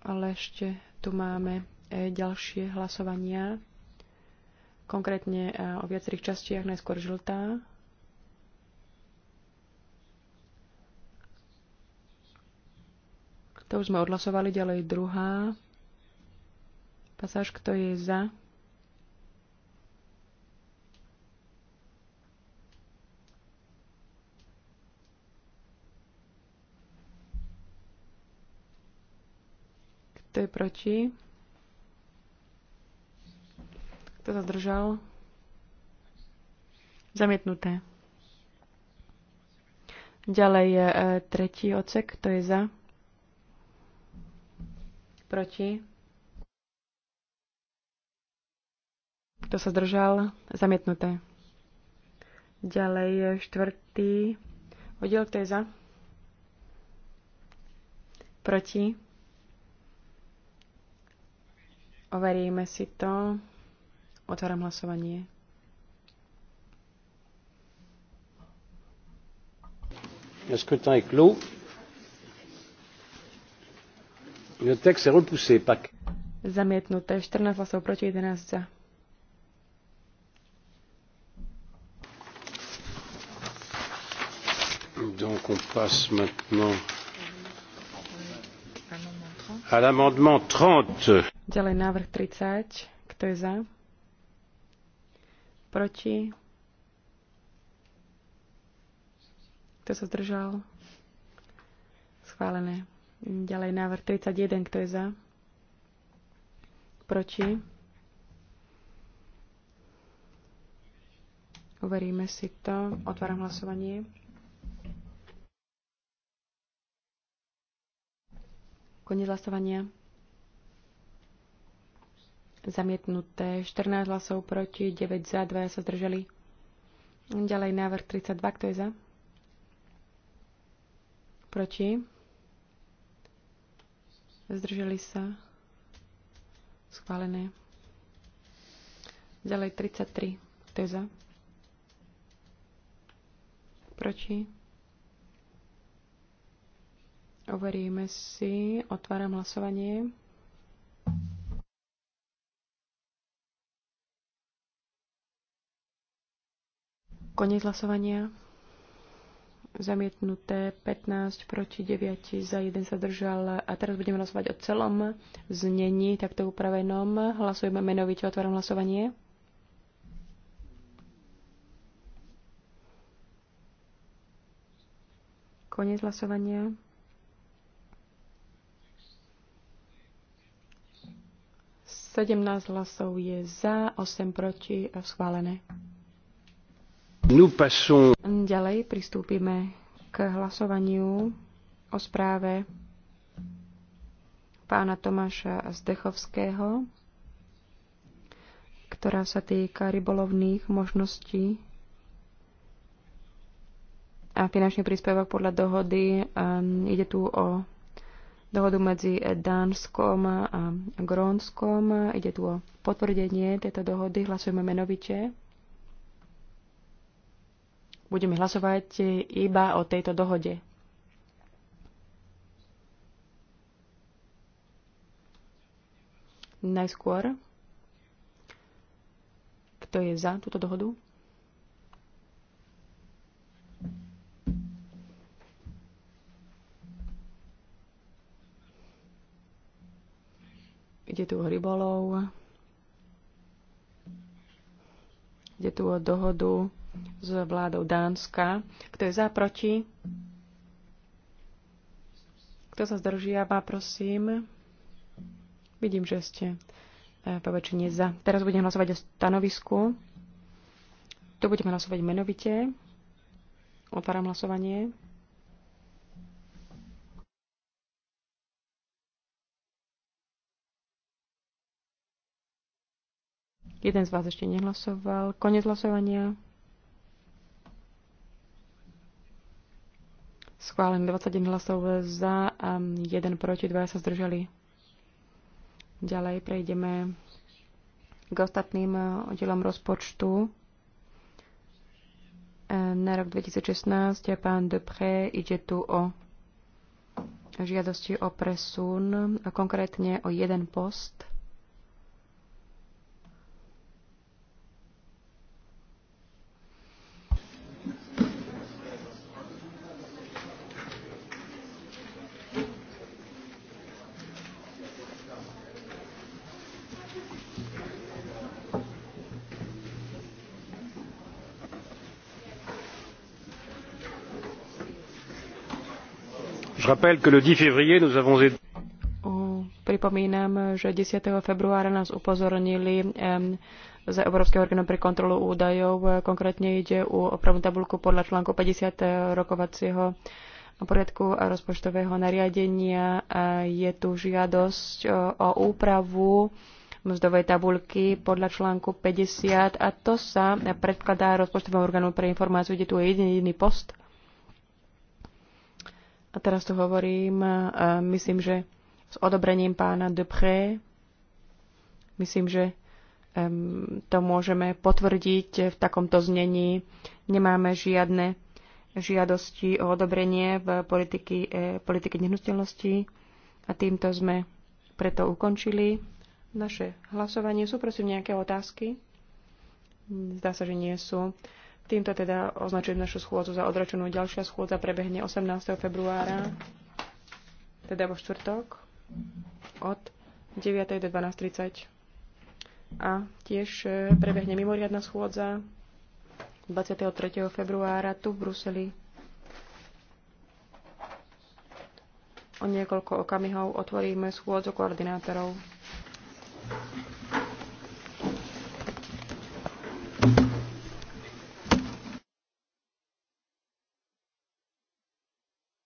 Ale ešte tu máme e, ďalšie hlasovania konkrétne e, o viacerých častiach, najskôr žltá. To už sme odhlasovali, ďalej druhá. Pasáž, kto je za? Kto je proti? Kto sa zdržal? Zamietnuté. Ďalej je e, tretí ocek, to je za? Proti? Kto sa zdržal? Zamietnuté. Ďalej je štvrtý oddiel, kto je za? Proti? Overíme si to. Otváram hlasovanie. Le scrutin est clos. Le texte est repoussé. Pak. Zamietnuté. 14 hlasov proti 11 za. Donc on passe maintenant à l'amendement 30. Ďalej návrh 30. Kto je za? Proti? Kto sa zdržal? Schválené. Ďalej návrh 31. Kto je za? Proti? Uveríme si to. Otváram hlasovanie. Koniec hlasovania. Zamietnuté 14 hlasov proti, 9 za, 2 sa zdržali. Ďalej návrh 32, kto je za? Proti? Zdržali sa? Schválené. Ďalej 33, kto je za? Proti? Overíme si, otváram hlasovanie. Konec hlasovania. Zamietnuté 15 proti 9 za 1 sa držal. A teraz budeme hlasovať o celom znení takto upravenom. Hlasujeme menovite, otváram hlasovanie. Konec hlasovania. Sedemnáct hlasov je za, 8 proti a schválené. Ďalej pristúpime k hlasovaniu o správe pána Tomáša Zdechovského, ktorá sa týka rybolovných možností a finančný príspevok podľa dohody. Ehm, ide tu o dohodu medzi Dánskom a Grónskom. Ide tu o potvrdenie tejto dohody. Hlasujeme menovite budeme hlasovať iba o tejto dohode. Najskôr, kto je za túto dohodu? Ide tu o rybolov, ide tu o dohodu s vládou Dánska. Kto je za, proti? Kto sa zdržiava, prosím? Vidím, že ste e, po väčšine za. Teraz budem hlasovať o stanovisku. Tu budeme hlasovať menovite. Otváram hlasovanie. Jeden z vás ešte nehlasoval. Konec hlasovania. Schválený 21 hlasov za a 1 proti, 2 sa zdržali. Ďalej prejdeme k ostatným oddelom e, rozpočtu. E, na rok 2016 pán Depré ide tu o žiadosti o presun, konkrétne o jeden post Je rappelle que le 10 février, nous avons Pripomínam, že 10. februára nás upozornili z Európskeho orgánu pre kontrolu údajov. Konkrétne ide o opravnú tabulku podľa článku 50 eh, rokovacieho poriadku a rozpočtového nariadenia. Je tu žiadosť eh, o úpravu mzdovej tabulky podľa článku 50 a to sa predkladá rozpočtovému orgánu pre informáciu, kde tu je jediný post a teraz tu hovorím, myslím, že s odobrením pána Dupré, myslím, že to môžeme potvrdiť v takomto znení. Nemáme žiadne žiadosti o odobrenie v politiky, e, politike nehnuteľnosti a týmto sme preto ukončili naše hlasovanie. Sú prosím nejaké otázky? Zdá sa, že nie sú. Týmto teda označujem našu schôdzu za odročenú. Ďalšia schôdza prebehne 18. februára, teda vo štvrtok, od 9. do 12.30. A tiež e, prebehne mimoriadna schôdza 23. februára tu v Bruseli. O niekoľko okamihov otvoríme schôdzu koordinátorov.